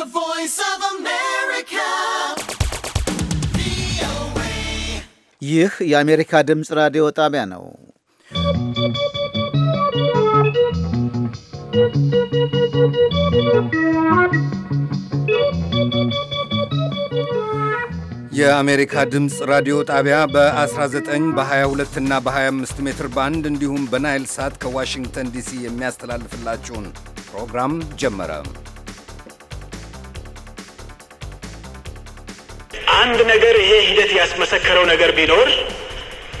The voice of America. ይህ የአሜሪካ ድምፅ ራዲዮ ጣቢያ ነው። የአሜሪካ ድምፅ ራዲዮ ጣቢያ በ19 በ22 እና በ25 ሜትር ባንድ እንዲሁም በናይል ሳት ከዋሽንግተን ዲሲ የሚያስተላልፍላችሁን ፕሮግራም ጀመረ። አንድ ነገር ይሄ ሂደት ያስመሰከረው ነገር ቢኖር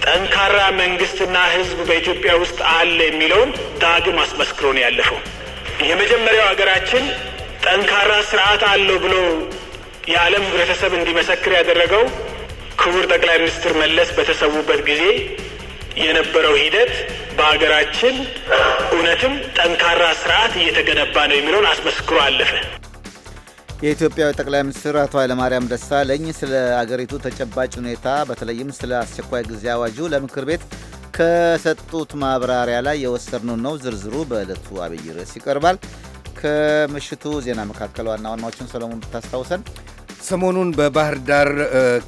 ጠንካራ መንግስትና ህዝብ በኢትዮጵያ ውስጥ አለ የሚለውን ዳግም አስመስክሮ ነው ያለፈው። የመጀመሪያው ሀገራችን ጠንካራ ስርዓት አለው ብሎ የዓለም ህብረተሰብ እንዲመሰክር ያደረገው ክቡር ጠቅላይ ሚኒስትር መለስ በተሰዉበት ጊዜ የነበረው ሂደት በሀገራችን እውነትም ጠንካራ ስርዓት እየተገነባ ነው የሚለውን አስመስክሮ አለፈ። የኢትዮጵያ ጠቅላይ ሚኒስትር አቶ ኃይለማርያም ደሳለኝ ስለ አገሪቱ ተጨባጭ ሁኔታ በተለይም ስለ አስቸኳይ ጊዜ አዋጁ ለምክር ቤት ከሰጡት ማብራሪያ ላይ የወሰድነው ነው። ዝርዝሩ በዕለቱ አብይ ርዕስ ይቀርባል። ከምሽቱ ዜና መካከል ዋና ዋናዎችን ሰለሞን ብታስታውሰን። ሰሞኑን በባህር ዳር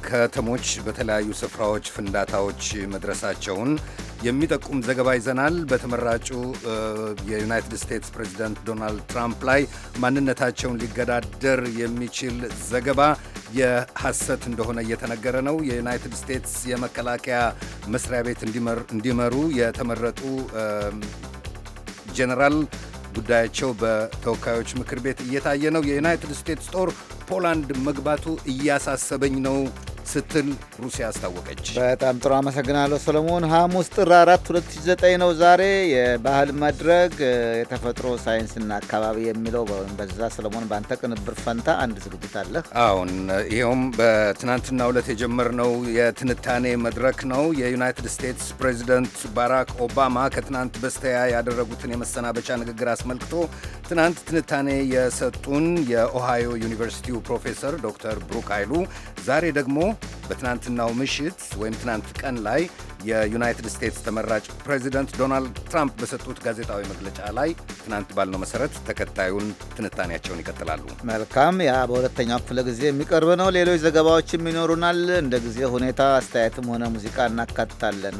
ከተሞች በተለያዩ ስፍራዎች ፍንዳታዎች መድረሳቸውን የሚጠቁም ዘገባ ይዘናል። በተመራጩ የዩናይትድ ስቴትስ ፕሬዚደንት ዶናልድ ትራምፕ ላይ ማንነታቸውን ሊገዳደር የሚችል ዘገባ የሐሰት እንደሆነ እየተነገረ ነው። የዩናይትድ ስቴትስ የመከላከያ መስሪያ ቤት እንዲመሩ የተመረጡ ጄኔራል ጉዳያቸው በተወካዮች ምክር ቤት እየታየ ነው። የዩናይትድ ስቴትስ ጦር ፖላንድ መግባቱ እያሳሰበኝ ነው ስትል ሩሲያ አስታወቀች። በጣም ጥሩ አመሰግናለሁ ሰለሞን። ሐሙስ ጥር 4 2009 ነው ዛሬ። የባህል መድረክ የተፈጥሮ ሳይንስና አካባቢ የሚለው በዛ ሰለሞን፣ በአንተ ቅንብር ፈንታ አንድ ዝግጅት አለ። አሁን ይኸውም በትናንትናው ዕለት የጀመርነው የትንታኔ መድረክ ነው። የዩናይትድ ስቴትስ ፕሬዚደንት ባራክ ኦባማ ከትናንት በስተያ ያደረጉትን የመሰናበቻ ንግግር አስመልክቶ ትናንት ትንታኔ የሰጡን የኦሃዮ ዩኒቨርሲቲው ፕሮፌሰር ዶክተር ብሩክ ኃይሉ ዛሬ ደግሞ በትናንትናው ምሽት ወይም ትናንት ቀን ላይ የዩናይትድ ስቴትስ ተመራጭ ፕሬዚደንት ዶናልድ ትራምፕ በሰጡት ጋዜጣዊ መግለጫ ላይ ትናንት ባልነው መሰረት ተከታዩን ትንታኔያቸውን ይቀጥላሉ። መልካም። ያ በሁለተኛው ክፍለ ጊዜ የሚቀርብ ነው። ሌሎች ዘገባዎችም ይኖሩናል። እንደ ጊዜ ሁኔታ አስተያየትም ሆነ ሙዚቃ እናካትታለን።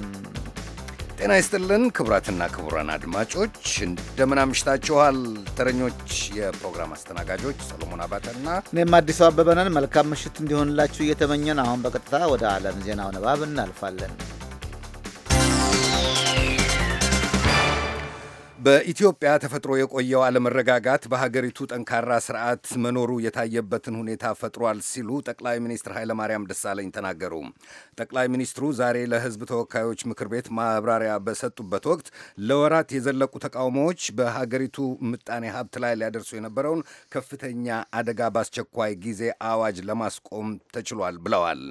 ጤና ይስጥልን ክቡራትና ክቡራን አድማጮች እንደምን አምሽታችኋል። ተረኞች የፕሮግራም አስተናጋጆች ሰሎሞን አባተና እኔም አዲሱ አበበ ነን። መልካም ምሽት እንዲሆንላችሁ እየተመኘን አሁን በቀጥታ ወደ ዓለም ዜናው ንባብ እናልፋለን። በኢትዮጵያ ተፈጥሮ የቆየው አለመረጋጋት በሀገሪቱ ጠንካራ ስርዓት መኖሩ የታየበትን ሁኔታ ፈጥሯል ሲሉ ጠቅላይ ሚኒስትር ኃይለማርያም ደሳለኝ ተናገሩ። ጠቅላይ ሚኒስትሩ ዛሬ ለሕዝብ ተወካዮች ምክር ቤት ማብራሪያ በሰጡበት ወቅት ለወራት የዘለቁ ተቃውሞዎች በሀገሪቱ ምጣኔ ሀብት ላይ ሊያደርሱ የነበረውን ከፍተኛ አደጋ በአስቸኳይ ጊዜ አዋጅ ለማስቆም ተችሏል ብለዋል።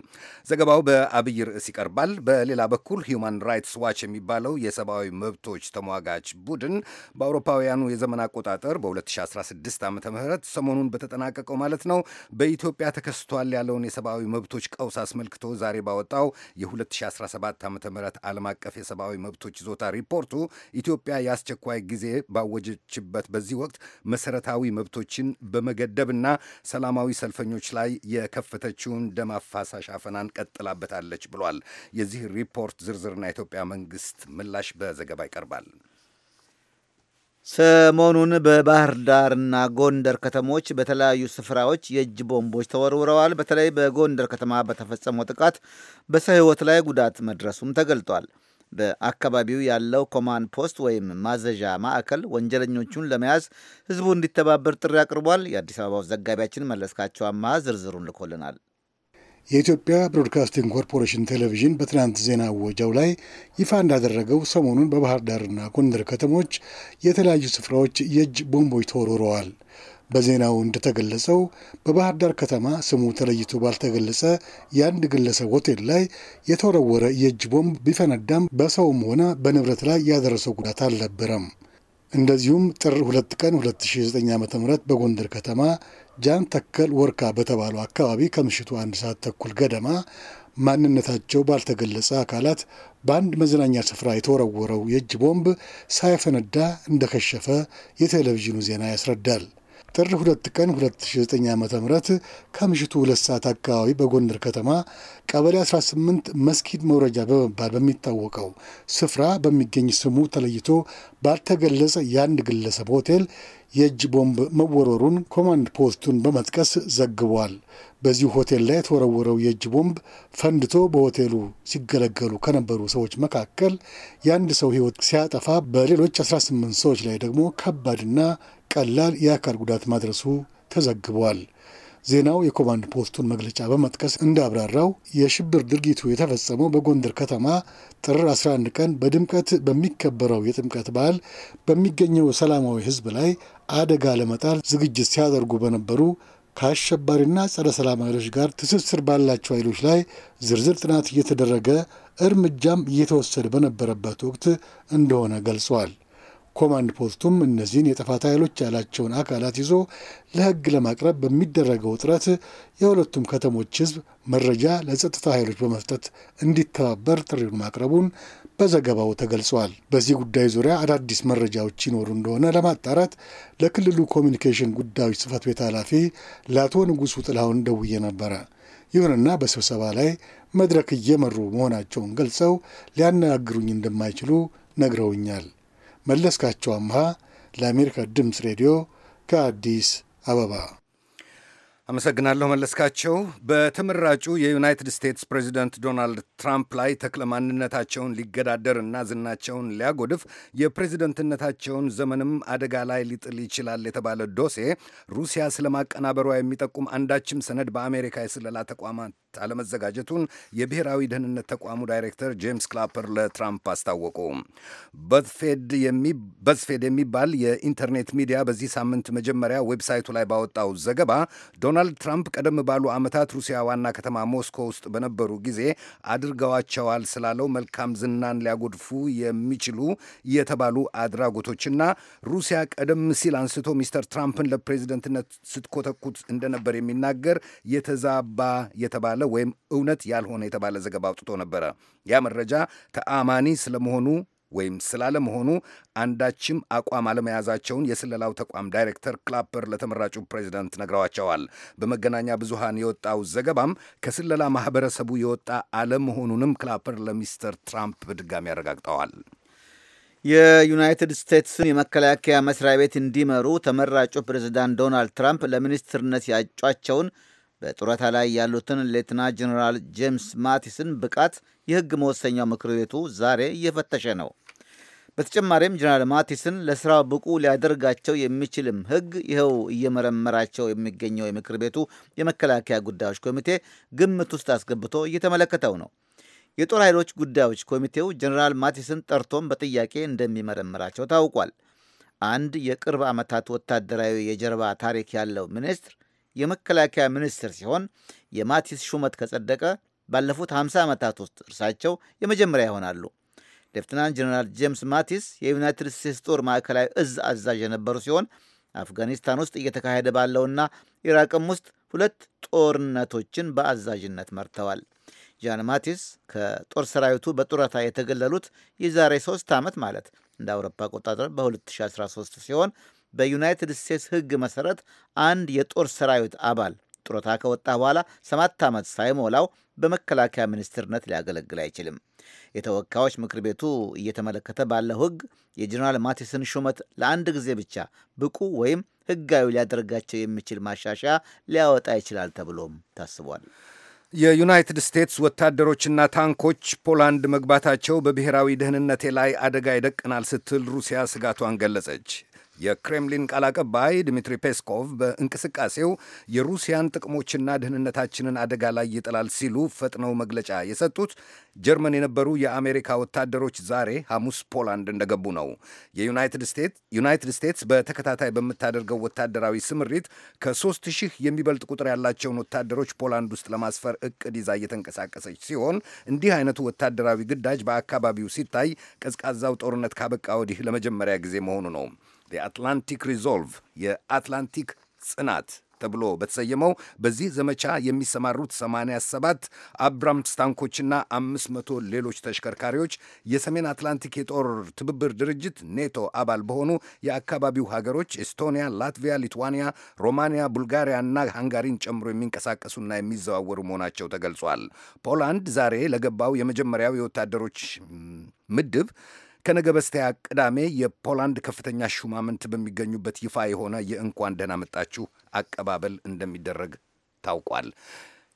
ዘገባው በአብይ ርዕስ ይቀርባል። በሌላ በኩል ሂውማን ራይትስ ዋች የሚባለው የሰብአዊ መብቶች ተሟጋች ቡድን በአውሮፓውያኑ የዘመን አቆጣጠር በ2016 ዓ ም ሰሞኑን በተጠናቀቀው ማለት ነው በኢትዮጵያ ተከስቷል ያለውን የሰብአዊ መብቶች ቀውስ አስመልክቶ ዛሬ ባወጣው የ2017 ዓ ም ዓለም አቀፍ የሰብአዊ መብቶች ይዞታ ሪፖርቱ ኢትዮጵያ የአስቸኳይ ጊዜ ባወጀችበት በዚህ ወቅት መሰረታዊ መብቶችን በመገደብና ሰላማዊ ሰልፈኞች ላይ የከፈተችውን ደም አፋሳሽ አፈናን ቀጥላበታለች ብሏል። የዚህ ሪፖርት ዝርዝርና የኢትዮጵያ መንግስት ምላሽ በዘገባ ይቀርባል። ሰሞኑን በባህር ዳርና ጎንደር ከተሞች በተለያዩ ስፍራዎች የእጅ ቦምቦች ተወርውረዋል። በተለይ በጎንደር ከተማ በተፈጸመው ጥቃት በሰው ሕይወት ላይ ጉዳት መድረሱም ተገልጧል። በአካባቢው ያለው ኮማንድ ፖስት ወይም ማዘዣ ማዕከል ወንጀለኞቹን ለመያዝ ህዝቡ እንዲተባበር ጥሪ አቅርቧል። የአዲስ አበባው ዘጋቢያችን መለስካቸው አማሃ ዝርዝሩን ልኮልናል። የኢትዮጵያ ብሮድካስቲንግ ኮርፖሬሽን ቴሌቪዥን በትናንት ዜና ወጃው ላይ ይፋ እንዳደረገው ሰሞኑን በባህር ዳርና ጎንደር ከተሞች የተለያዩ ስፍራዎች የእጅ ቦምቦች ተወርውረዋል። በዜናው እንደተገለጸው በባህር ዳር ከተማ ስሙ ተለይቶ ባልተገለጸ የአንድ ግለሰብ ሆቴል ላይ የተወረወረ የእጅ ቦምብ ቢፈነዳም በሰውም ሆነ በንብረት ላይ ያደረሰው ጉዳት አልነበረም። እንደዚሁም ጥር 2 ቀን 2009 ዓ ም በጎንደር ከተማ ጃን ተከል ወርካ በተባለው አካባቢ ከምሽቱ አንድ ሰዓት ተኩል ገደማ ማንነታቸው ባልተገለጸ አካላት በአንድ መዝናኛ ስፍራ የተወረወረው የእጅ ቦምብ ሳይፈነዳ እንደከሸፈ የቴሌቪዥኑ ዜና ያስረዳል። ጥር 2 ቀን 2009 ዓ ም ከምሽቱ ሁለት ሰዓት አካባቢ በጎንደር ከተማ ቀበሌ 18 መስጊድ መውረጃ በመባል በሚታወቀው ስፍራ በሚገኝ ስሙ ተለይቶ ባልተገለጸ የአንድ ግለሰብ ሆቴል የእጅ ቦምብ መወረሩን ኮማንድ ፖስቱን በመጥቀስ ዘግቧል። በዚሁ ሆቴል ላይ የተወረወረው የእጅ ቦምብ ፈንድቶ በሆቴሉ ሲገለገሉ ከነበሩ ሰዎች መካከል የአንድ ሰው ሕይወት ሲያጠፋ፣ በሌሎች 18 ሰዎች ላይ ደግሞ ከባድና ቀላል የአካል ጉዳት ማድረሱ ተዘግቧል። ዜናው የኮማንድ ፖስቱን መግለጫ በመጥቀስ እንዳብራራው የሽብር ድርጊቱ የተፈጸመው በጎንደር ከተማ ጥር 11 ቀን በድምቀት በሚከበረው የጥምቀት በዓል በሚገኘው ሰላማዊ ሕዝብ ላይ አደጋ ለመጣል ዝግጅት ሲያደርጉ በነበሩ ከአሸባሪና ጸረ ሰላም ኃይሎች ጋር ትስስር ባላቸው ኃይሎች ላይ ዝርዝር ጥናት እየተደረገ እርምጃም እየተወሰደ በነበረበት ወቅት እንደሆነ ገልጿል። ኮማንድ ፖስቱም እነዚህን የጥፋት ኃይሎች ያላቸውን አካላት ይዞ ለሕግ ለማቅረብ በሚደረገው ጥረት የሁለቱም ከተሞች ሕዝብ መረጃ ለጸጥታ ኃይሎች በመስጠት እንዲተባበር ጥሪውን ማቅረቡን በዘገባው ተገልጿል። በዚህ ጉዳይ ዙሪያ አዳዲስ መረጃዎች ይኖሩ እንደሆነ ለማጣራት ለክልሉ ኮሚኒኬሽን ጉዳዮች ጽሕፈት ቤት ኃላፊ ለአቶ ንጉሱ ጥላሁን ደውዬ ነበረ። ይሁንና በስብሰባ ላይ መድረክ እየመሩ መሆናቸውን ገልጸው ሊያነጋግሩኝ እንደማይችሉ ነግረውኛል። መለስካቸው አምሃ ለአሜሪካ ድምፅ ሬዲዮ ከአዲስ አበባ አመሰግናለሁ መለስካቸው። በተመራጩ የዩናይትድ ስቴትስ ፕሬዚደንት ዶናልድ ትራምፕ ላይ ተክለ ማንነታቸውን ሊገዳደር እና ዝናቸውን ሊያጎድፍ የፕሬዚደንትነታቸውን ዘመንም አደጋ ላይ ሊጥል ይችላል የተባለ ዶሴ ሩሲያ ስለማቀናበሯ የሚጠቁም አንዳችም ሰነድ በአሜሪካ የስለላ ተቋማት አለመዘጋጀቱን የብሔራዊ ደህንነት ተቋሙ ዳይሬክተር ጄምስ ክላፐር ለትራምፕ አስታወቁ። በዝፌድ የሚባል የኢንተርኔት ሚዲያ በዚህ ሳምንት መጀመሪያ ዌብሳይቱ ላይ ባወጣው ዘገባ ዶናልድ ትራምፕ ቀደም ባሉ ዓመታት ሩሲያ ዋና ከተማ ሞስኮ ውስጥ በነበሩ ጊዜ አድርገዋቸዋል ስላለው መልካም ዝናን ሊያጎድፉ የሚችሉ የተባሉ አድራጎቶችና ሩሲያ ቀደም ሲል አንስቶ ሚስተር ትራምፕን ለፕሬዚደንትነት ስትኮተኩት እንደነበር የሚናገር የተዛባ የተባለ የተባለ ወይም እውነት ያልሆነ የተባለ ዘገባ አውጥቶ ነበረ። ያ መረጃ ተአማኒ ስለመሆኑ ወይም ስላለመሆኑ አንዳችም አቋም አለመያዛቸውን የስለላው ተቋም ዳይሬክተር ክላፐር ለተመራጩ ፕሬዚደንት ነግረዋቸዋል። በመገናኛ ብዙሃን የወጣው ዘገባም ከስለላ ማህበረሰቡ የወጣ አለመሆኑንም ክላፐር ለሚስተር ትራምፕ በድጋሚ አረጋግጠዋል። የዩናይትድ ስቴትስን የመከላከያ መስሪያ ቤት እንዲመሩ ተመራጩ ፕሬዚዳንት ዶናልድ ትራምፕ ለሚኒስትርነት ያጯቸውን በጡረታ ላይ ያሉትን ሌትና ጀኔራል ጄምስ ማቲስን ብቃት የሕግ መወሰኛው ምክር ቤቱ ዛሬ እየፈተሸ ነው። በተጨማሪም ጀኔራል ማቲስን ለሥራው ብቁ ሊያደርጋቸው የሚችልም ሕግ ይኸው እየመረመራቸው የሚገኘው የምክር ቤቱ የመከላከያ ጉዳዮች ኮሚቴ ግምት ውስጥ አስገብቶ እየተመለከተው ነው። የጦር ኃይሎች ጉዳዮች ኮሚቴው ጀኔራል ማቲስን ጠርቶም በጥያቄ እንደሚመረምራቸው ታውቋል። አንድ የቅርብ ዓመታት ወታደራዊ የጀርባ ታሪክ ያለው ሚኒስትር የመከላከያ ሚኒስትር ሲሆን የማቲስ ሹመት ከጸደቀ ባለፉት 50 ዓመታት ውስጥ እርሳቸው የመጀመሪያ ይሆናሉ። ሌፍትናንት ጀነራል ጄምስ ማቲስ የዩናይትድ ስቴትስ ጦር ማዕከላዊ እዝ አዛዥ የነበሩ ሲሆን አፍጋኒስታን ውስጥ እየተካሄደ ባለውና ኢራቅም ውስጥ ሁለት ጦርነቶችን በአዛዥነት መርተዋል። ጃን ማቲስ ከጦር ሰራዊቱ በጡረታ የተገለሉት የዛሬ ሶስት ዓመት ማለት እንደ አውሮፓ አቆጣጠር በ2013 ሲሆን በዩናይትድ ስቴትስ ሕግ መሠረት አንድ የጦር ሰራዊት አባል ጡረታ ከወጣ በኋላ ሰባት ዓመት ሳይሞላው በመከላከያ ሚኒስትርነት ሊያገለግል አይችልም። የተወካዮች ምክር ቤቱ እየተመለከተ ባለው ሕግ የጀኔራል ማቲስን ሹመት ለአንድ ጊዜ ብቻ ብቁ ወይም ሕጋዊ ሊያደርጋቸው የሚችል ማሻሻያ ሊያወጣ ይችላል ተብሎም ታስቧል። የዩናይትድ ስቴትስ ወታደሮችና ታንኮች ፖላንድ መግባታቸው በብሔራዊ ደህንነቴ ላይ አደጋ ይደቅናል ስትል ሩሲያ ስጋቷን ገለጸች። የክሬምሊን ቃል አቀባይ ድሚትሪ ፔስኮቭ በእንቅስቃሴው የሩሲያን ጥቅሞችና ደህንነታችንን አደጋ ላይ ይጥላል ሲሉ ፈጥነው መግለጫ የሰጡት ጀርመን የነበሩ የአሜሪካ ወታደሮች ዛሬ ሐሙስ ፖላንድ እንደገቡ ነው። የዩናይትድ ስቴትስ በተከታታይ በምታደርገው ወታደራዊ ስምሪት ከሦስት ሺህ የሚበልጥ ቁጥር ያላቸውን ወታደሮች ፖላንድ ውስጥ ለማስፈር እቅድ ይዛ እየተንቀሳቀሰች ሲሆን እንዲህ አይነቱ ወታደራዊ ግዳጅ በአካባቢው ሲታይ ቀዝቃዛው ጦርነት ካበቃ ወዲህ ለመጀመሪያ ጊዜ መሆኑ ነው። የአትላንቲክ ሪዞልቭ የአትላንቲክ ጽናት ተብሎ በተሰየመው በዚህ ዘመቻ የሚሰማሩት 87 አብራምስ ታንኮችና 500 ሌሎች ተሽከርካሪዎች የሰሜን አትላንቲክ የጦር ትብብር ድርጅት ኔቶ አባል በሆኑ የአካባቢው ሀገሮች ኤስቶኒያ፣ ላትቪያ፣ ሊትዋኒያ፣ ሮማንያ፣ ቡልጋሪያ እና ሃንጋሪን ጨምሮ የሚንቀሳቀሱና የሚዘዋወሩ መሆናቸው ተገልጿል። ፖላንድ ዛሬ ለገባው የመጀመሪያው የወታደሮች ምድብ ከነገ በስቲያ ቅዳሜ የፖላንድ ከፍተኛ ሹማምንት በሚገኙበት ይፋ የሆነ የእንኳን ደህና መጣችሁ አቀባበል እንደሚደረግ ታውቋል።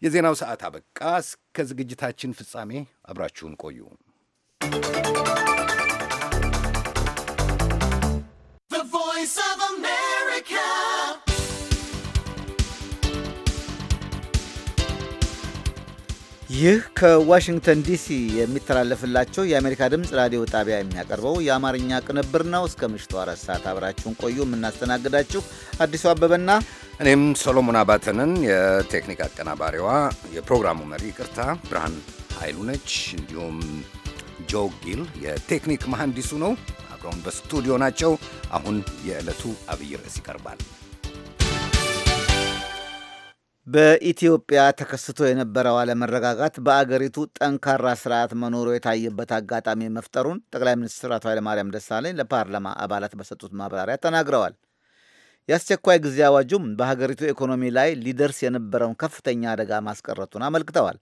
የዜናው ሰዓት አበቃ። እስከ ዝግጅታችን ፍጻሜ አብራችሁን ቆዩ። ይህ ከዋሽንግተን ዲሲ የሚተላለፍላቸው የአሜሪካ ድምፅ ራዲዮ ጣቢያ የሚያቀርበው የአማርኛ ቅንብር ነው። እስከ ምሽቱ አራት ሰዓት አብራችሁን ቆዩ። የምናስተናግዳችሁ አዲሱ አበበና እኔም ሶሎሞን አባተንን። የቴክኒክ አቀናባሪዋ የፕሮግራሙ መሪ ይቅርታ ብርሃን ኃይሉ ነች። እንዲሁም ጆ ጊል የቴክኒክ መሐንዲሱ ነው። አብረውን በስቱዲዮ ናቸው። አሁን የዕለቱ አብይ ርዕስ ይቀርባል። በኢትዮጵያ ተከስቶ የነበረው አለመረጋጋት በአገሪቱ ጠንካራ ስርዓት መኖሩ የታየበት አጋጣሚ መፍጠሩን ጠቅላይ ሚኒስትር አቶ ኃይለማርያም ደሳለኝ ለፓርላማ አባላት በሰጡት ማብራሪያ ተናግረዋል። የአስቸኳይ ጊዜ አዋጁም በሀገሪቱ ኢኮኖሚ ላይ ሊደርስ የነበረውን ከፍተኛ አደጋ ማስቀረቱን አመልክተዋል።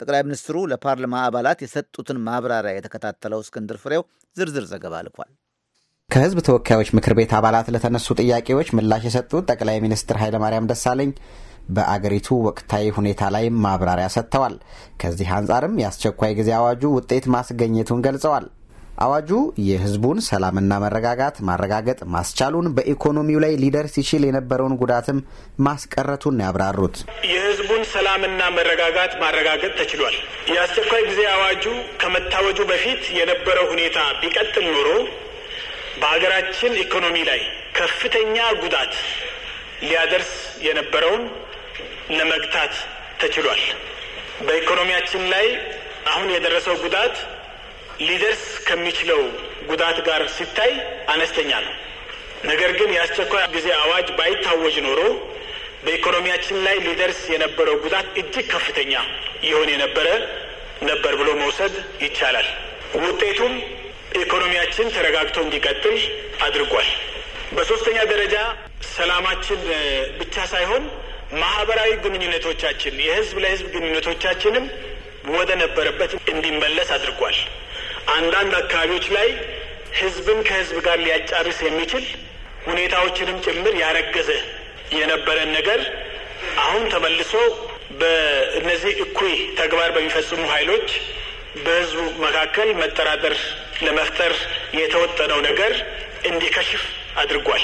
ጠቅላይ ሚኒስትሩ ለፓርላማ አባላት የሰጡትን ማብራሪያ የተከታተለው እስክንድር ፍሬው ዝርዝር ዘገባ ልኳል። ከህዝብ ተወካዮች ምክር ቤት አባላት ለተነሱ ጥያቄዎች ምላሽ የሰጡት ጠቅላይ ሚኒስትር ኃይለማርያም ደሳለኝ በአገሪቱ ወቅታዊ ሁኔታ ላይ ማብራሪያ ሰጥተዋል። ከዚህ አንጻርም የአስቸኳይ ጊዜ አዋጁ ውጤት ማስገኘቱን ገልጸዋል። አዋጁ የሕዝቡን ሰላምና መረጋጋት ማረጋገጥ ማስቻሉን፣ በኢኮኖሚው ላይ ሊደርስ ይችል የነበረውን ጉዳትም ማስቀረቱን ያብራሩት። የሕዝቡን ሰላምና መረጋጋት ማረጋገጥ ተችሏል። የአስቸኳይ ጊዜ አዋጁ ከመታወጁ በፊት የነበረው ሁኔታ ቢቀጥል ኖሮ በሀገራችን ኢኮኖሚ ላይ ከፍተኛ ጉዳት ሊያደርስ የነበረውን ለመግታት ተችሏል። በኢኮኖሚያችን ላይ አሁን የደረሰው ጉዳት ሊደርስ ከሚችለው ጉዳት ጋር ሲታይ አነስተኛ ነው። ነገር ግን የአስቸኳይ ጊዜ አዋጅ ባይታወጅ ኖሮ በኢኮኖሚያችን ላይ ሊደርስ የነበረው ጉዳት እጅግ ከፍተኛ ይሆን የነበረ ነበር ብሎ መውሰድ ይቻላል። ውጤቱም ኢኮኖሚያችን ተረጋግቶ እንዲቀጥል አድርጓል። በሶስተኛ ደረጃ ሰላማችን ብቻ ሳይሆን ማህበራዊ ግንኙነቶቻችን፣ የህዝብ ለህዝብ ግንኙነቶቻችንም ወደ ነበረበት እንዲመለስ አድርጓል። አንዳንድ አካባቢዎች ላይ ህዝብን ከህዝብ ጋር ሊያጫርስ የሚችል ሁኔታዎችንም ጭምር ያረገዘ የነበረን ነገር አሁን ተመልሶ በእነዚህ እኩይ ተግባር በሚፈጽሙ ኃይሎች በህዝቡ መካከል መጠራጠር ለመፍጠር የተወጠነው ነገር እንዲከሽፍ አድርጓል።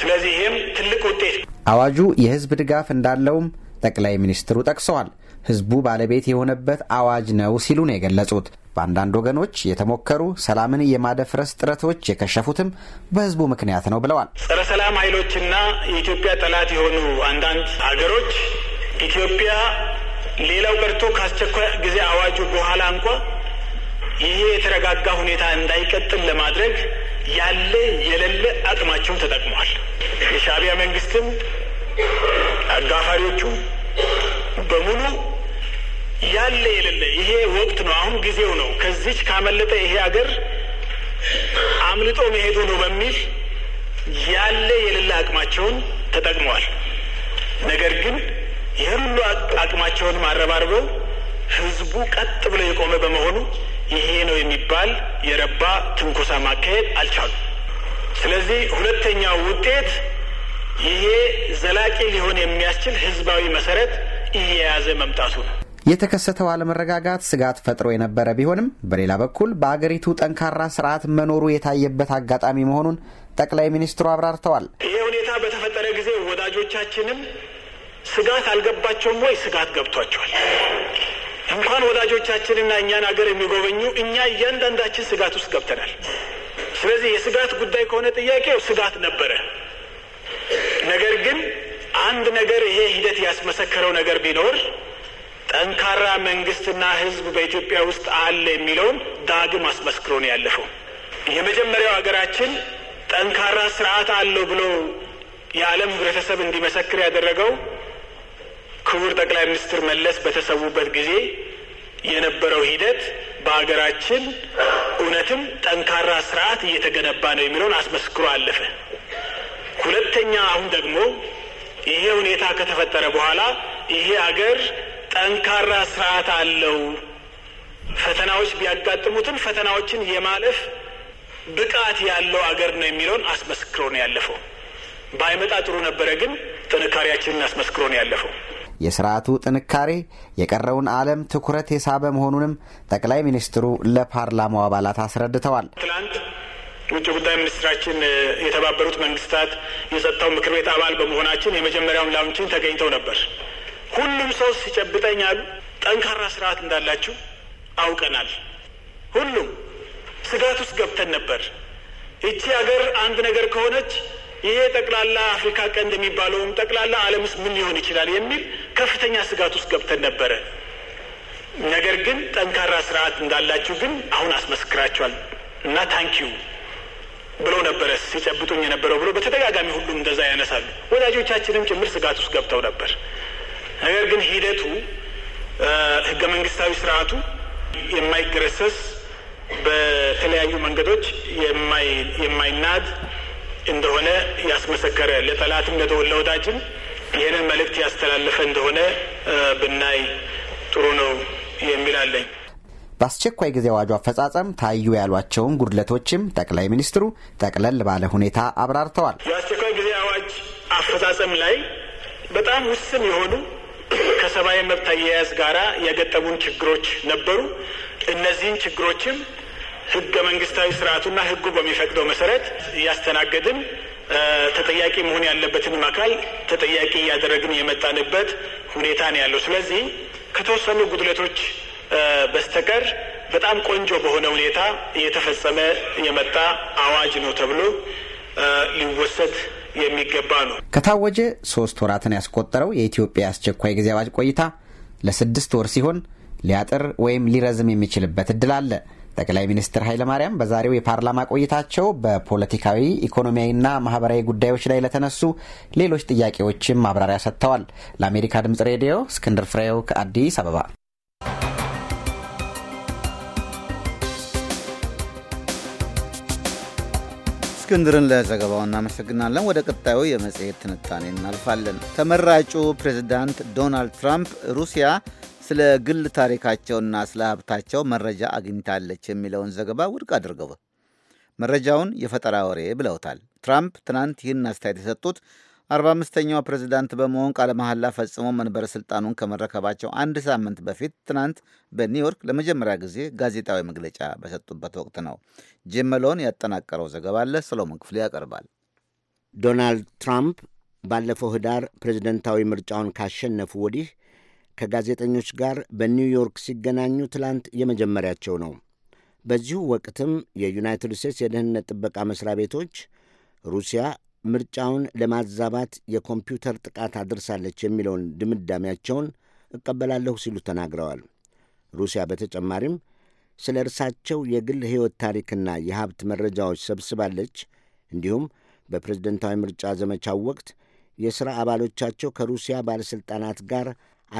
ስለዚህ ይህም ትልቅ ውጤት አዋጁ የህዝብ ድጋፍ እንዳለውም ጠቅላይ ሚኒስትሩ ጠቅሰዋል። ህዝቡ ባለቤት የሆነበት አዋጅ ነው ሲሉ ነው የገለጹት። በአንዳንድ ወገኖች የተሞከሩ ሰላምን የማደፍረስ ጥረቶች የከሸፉትም በህዝቡ ምክንያት ነው ብለዋል። ጸረ ሰላም ኃይሎችና የኢትዮጵያ ጠላት የሆኑ አንዳንድ ሀገሮች ኢትዮጵያ ሌላው ቀርቶ ከአስቸኳይ ጊዜ አዋጁ በኋላ እንኳ ይሄ የተረጋጋ ሁኔታ እንዳይቀጥል ለማድረግ ያለ የሌለ አቅማቸውን ተጠቅመዋል። የሻቢያ መንግስትም አጋፋሪዎቹ በሙሉ ያለ የሌለ ይሄ ወቅት ነው፣ አሁን ጊዜው ነው፣ ከዚች ካመለጠ ይሄ ሀገር አምልጦ መሄዱ ነው በሚል ያለ የሌለ አቅማቸውን ተጠቅመዋል። ነገር ግን ይህን ሁሉ አቅማቸውን አረባርበው ህዝቡ ቀጥ ብሎ የቆመ በመሆኑ ይሄ ነው የሚባል የረባ ትንኮሳ ማካሄድ አልቻሉም። ስለዚህ ሁለተኛው ውጤት ይሄ ዘላቂ ሊሆን የሚያስችል ህዝባዊ መሰረት እየያዘ መምጣቱ ነው። የተከሰተው አለመረጋጋት ስጋት ፈጥሮ የነበረ ቢሆንም በሌላ በኩል በአገሪቱ ጠንካራ ስርዓት መኖሩ የታየበት አጋጣሚ መሆኑን ጠቅላይ ሚኒስትሩ አብራርተዋል። ይሄ ሁኔታ በተፈጠረ ጊዜ ወዳጆቻችንም ስጋት አልገባቸውም ወይ? ስጋት ገብቷቸዋል። እንኳን ወላጆቻችንና እኛን አገር የሚጎበኙ እኛ እያንዳንዳችን ስጋት ውስጥ ገብተናል። ስለዚህ የስጋት ጉዳይ ከሆነ ጥያቄው ስጋት ነበረ። ነገር ግን አንድ ነገር ይሄ ሂደት ያስመሰከረው ነገር ቢኖር ጠንካራ መንግስትና ህዝብ በኢትዮጵያ ውስጥ አለ የሚለውን ዳግም አስመስክሮ ነው ያለፈው። የመጀመሪያው ሀገራችን ጠንካራ ስርዓት አለው ብሎ የዓለም ህብረተሰብ እንዲመሰክር ያደረገው ክቡር ጠቅላይ ሚኒስትር መለስ በተሰዉበት ጊዜ የነበረው ሂደት በሀገራችን እውነትም ጠንካራ ስርዓት እየተገነባ ነው የሚለውን አስመስክሮ አለፈ። ሁለተኛ፣ አሁን ደግሞ ይሄ ሁኔታ ከተፈጠረ በኋላ ይሄ አገር ጠንካራ ስርዓት አለው፣ ፈተናዎች ቢያጋጥሙትም ፈተናዎችን የማለፍ ብቃት ያለው አገር ነው የሚለውን አስመስክሮ ነው ያለፈው። ባይመጣ ጥሩ ነበረ፣ ግን ጥንካሬያችንን አስመስክሮ ነው ያለፈው። የስርዓቱ ጥንካሬ የቀረውን ዓለም ትኩረት የሳበ መሆኑንም ጠቅላይ ሚኒስትሩ ለፓርላማው አባላት አስረድተዋል። ትላንት ውጭ ጉዳይ ሚኒስትራችን የተባበሩት መንግስታት የጸጥታው ምክር ቤት አባል በመሆናችን የመጀመሪያውን ላውንችን ተገኝተው ነበር። ሁሉም ሰው ሲጨብጠኝ አሉ ጠንካራ ስርዓት እንዳላችሁ አውቀናል። ሁሉም ስጋት ውስጥ ገብተን ነበር። ይቺ ሀገር አንድ ነገር ከሆነች ይሄ ጠቅላላ አፍሪካ ቀንድ የሚባለውም ጠቅላላ ዓለም ውስጥ ምን ሊሆን ይችላል የሚል ከፍተኛ ስጋት ውስጥ ገብተን ነበረ። ነገር ግን ጠንካራ ስርዓት እንዳላችሁ ግን አሁን አስመስክራችኋል እና ታንኪዩ ብለው ነበረ ሲጨብጡኝ የነበረው ብሎ በተደጋጋሚ ሁሉም እንደዛ ያነሳሉ። ወዳጆቻችንም ጭምር ስጋት ውስጥ ገብተው ነበር። ነገር ግን ሂደቱ ህገ መንግስታዊ ስርዓቱ የማይገረሰስ በተለያዩ መንገዶች የማይናድ እንደሆነ ያስመሰከረ ለጠላትም ለተወላወታችን ይህንን መልእክት ያስተላለፈ እንደሆነ ብናይ ጥሩ ነው የሚላለኝ። በአስቸኳይ ጊዜ አዋጁ አፈጻጸም ታዩ ያሏቸውን ጉድለቶችም ጠቅላይ ሚኒስትሩ ጠቅለል ባለ ሁኔታ አብራርተዋል። የአስቸኳይ ጊዜ አዋጅ አፈጻጸም ላይ በጣም ውስን የሆኑ ከሰብአዊ መብት አያያዝ ጋራ የገጠሙን ችግሮች ነበሩ። እነዚህን ችግሮችም ህገ መንግስታዊ ስርዓቱና ህጉ በሚፈቅደው መሰረት እያስተናገድን ተጠያቂ መሆን ያለበትንም አካል ተጠያቂ እያደረግን የመጣንበት ሁኔታ ነው ያለው። ስለዚህ ከተወሰኑ ጉድለቶች በስተቀር በጣም ቆንጆ በሆነ ሁኔታ እየተፈጸመ የመጣ አዋጅ ነው ተብሎ ሊወሰድ የሚገባ ነው። ከታወጀ ሶስት ወራትን ያስቆጠረው የኢትዮጵያ አስቸኳይ ጊዜ አዋጅ ቆይታ ለስድስት ወር ሲሆን ሊያጥር ወይም ሊረዝም የሚችልበት እድል አለ። ጠቅላይ ሚኒስትር ኃይለማርያም በዛሬው የፓርላማ ቆይታቸው በፖለቲካዊ ኢኮኖሚያዊና ማህበራዊ ጉዳዮች ላይ ለተነሱ ሌሎች ጥያቄዎችም ማብራሪያ ሰጥተዋል። ለአሜሪካ ድምጽ ሬዲዮ እስክንድር ፍሬው ከአዲስ አበባ። እስክንድርን ለዘገባው እናመሰግናለን። ወደ ቀጣዩ የመጽሔት ትንታኔ እናልፋለን። ተመራጩ ፕሬዚዳንት ዶናልድ ትራምፕ ሩሲያ ስለ ግል ታሪካቸውና ስለ ሀብታቸው መረጃ አግኝታለች የሚለውን ዘገባ ውድቅ አድርገው መረጃውን የፈጠራ ወሬ ብለውታል። ትራምፕ ትናንት ይህን አስተያየት የሰጡት 45ኛው ፕሬዚዳንት በመሆን ቃለ መሐላ ፈጽሞ መንበረ ስልጣኑን ከመረከባቸው አንድ ሳምንት በፊት ትናንት በኒውዮርክ ለመጀመሪያ ጊዜ ጋዜጣዊ መግለጫ በሰጡበት ወቅት ነው። ጂም መሎን ያጠናቀረው ዘገባ አለ፣ ሰሎሞን ክፍሌ ያቀርባል። ዶናልድ ትራምፕ ባለፈው ህዳር ፕሬዝደንታዊ ምርጫውን ካሸነፉ ወዲህ ከጋዜጠኞች ጋር በኒውዮርክ ሲገናኙ ትላንት የመጀመሪያቸው ነው። በዚሁ ወቅትም የዩናይትድ ስቴትስ የደህንነት ጥበቃ መስሪያ ቤቶች ሩሲያ ምርጫውን ለማዛባት የኮምፒውተር ጥቃት አድርሳለች የሚለውን ድምዳሜያቸውን እቀበላለሁ ሲሉ ተናግረዋል። ሩሲያ በተጨማሪም ስለ እርሳቸው የግል ሕይወት ታሪክና የሀብት መረጃዎች ሰብስባለች። እንዲሁም በፕሬዝደንታዊ ምርጫ ዘመቻው ወቅት የሥራ አባሎቻቸው ከሩሲያ ባለሥልጣናት ጋር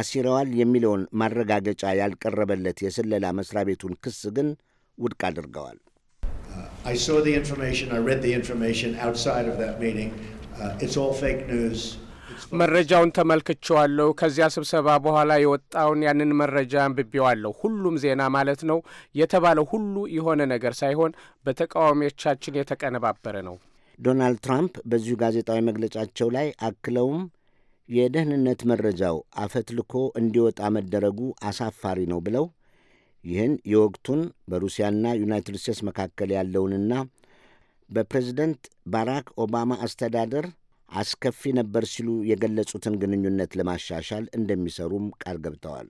አሲረዋል የሚለውን ማረጋገጫ ያልቀረበለት የስለላ መስሪያ ቤቱን ክስ ግን ውድቅ አድርገዋል። uh, uh, መረጃውን ተመልክቼዋለሁ። ከዚያ ስብሰባ በኋላ የወጣውን ያንን መረጃ አንብቤዋለሁ። ሁሉም ዜና ማለት ነው የተባለው ሁሉ የሆነ ነገር ሳይሆን በተቃዋሚዎቻችን የተቀነባበረ ነው። ዶናልድ ትራምፕ በዚሁ ጋዜጣዊ መግለጫቸው ላይ አክለውም የደህንነት መረጃው አፈትልኮ እንዲወጣ መደረጉ አሳፋሪ ነው ብለው ይህን የወቅቱን በሩሲያና ዩናይትድ ስቴትስ መካከል ያለውንና በፕሬዝደንት ባራክ ኦባማ አስተዳደር አስከፊ ነበር ሲሉ የገለጹትን ግንኙነት ለማሻሻል እንደሚሰሩም ቃል ገብተዋል።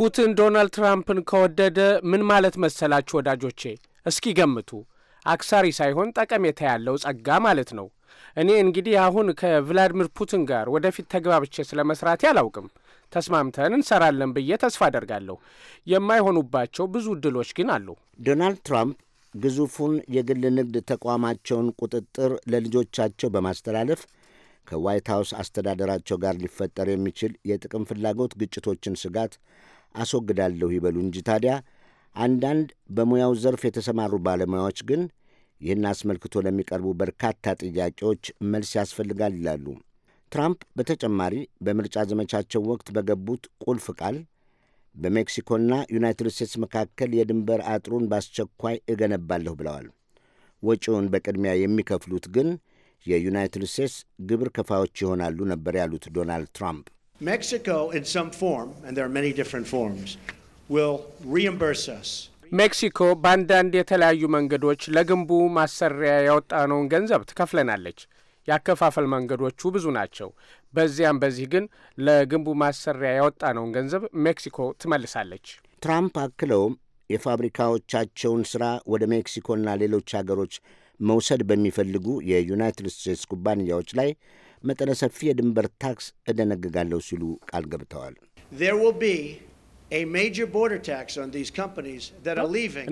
ፑቲን ዶናልድ ትራምፕን ከወደደ ምን ማለት መሰላችሁ ወዳጆቼ? እስኪ ገምቱ። አክሳሪ ሳይሆን ጠቀሜታ ያለው ጸጋ ማለት ነው። እኔ እንግዲህ አሁን ከቭላድሚር ፑቲን ጋር ወደፊት ተግባብቼ ስለ መስራቴ አላውቅም። ተስማምተን እንሰራለን ብዬ ተስፋ አደርጋለሁ። የማይሆኑባቸው ብዙ እድሎች ግን አሉ። ዶናልድ ትራምፕ ግዙፉን የግል ንግድ ተቋማቸውን ቁጥጥር ለልጆቻቸው በማስተላለፍ ከዋይት ሀውስ አስተዳደራቸው ጋር ሊፈጠር የሚችል የጥቅም ፍላጎት ግጭቶችን ስጋት አስወግዳለሁ ይበሉ እንጂ ታዲያ አንዳንድ በሙያው ዘርፍ የተሰማሩ ባለሙያዎች ግን ይህን አስመልክቶ ለሚቀርቡ በርካታ ጥያቄዎች መልስ ያስፈልጋል ይላሉ። ትራምፕ በተጨማሪ በምርጫ ዘመቻቸው ወቅት በገቡት ቁልፍ ቃል በሜክሲኮና ዩናይትድ ስቴትስ መካከል የድንበር አጥሩን በአስቸኳይ እገነባለሁ ብለዋል። ወጪውን በቅድሚያ የሚከፍሉት ግን የዩናይትድ ስቴትስ ግብር ከፋዮች ይሆናሉ ነበር ያሉት ዶናልድ ትራምፕ ሜክሲኮ በአንዳንድ የተለያዩ መንገዶች ለግንቡ ማሰሪያ ያወጣነውን ገንዘብ ትከፍለናለች። ያከፋፈል መንገዶቹ ብዙ ናቸው። በዚያም በዚህ ግን ለግንቡ ማሰሪያ ያወጣነውን ገንዘብ ሜክሲኮ ትመልሳለች። ትራምፕ አክለውም የፋብሪካዎቻቸውን ሥራ ወደ ሜክሲኮና ሌሎች አገሮች መውሰድ በሚፈልጉ የዩናይትድ ስቴትስ ኩባንያዎች ላይ መጠነ ሰፊ የድንበር ታክስ እደነግጋለሁ ሲሉ ቃል ገብተዋል።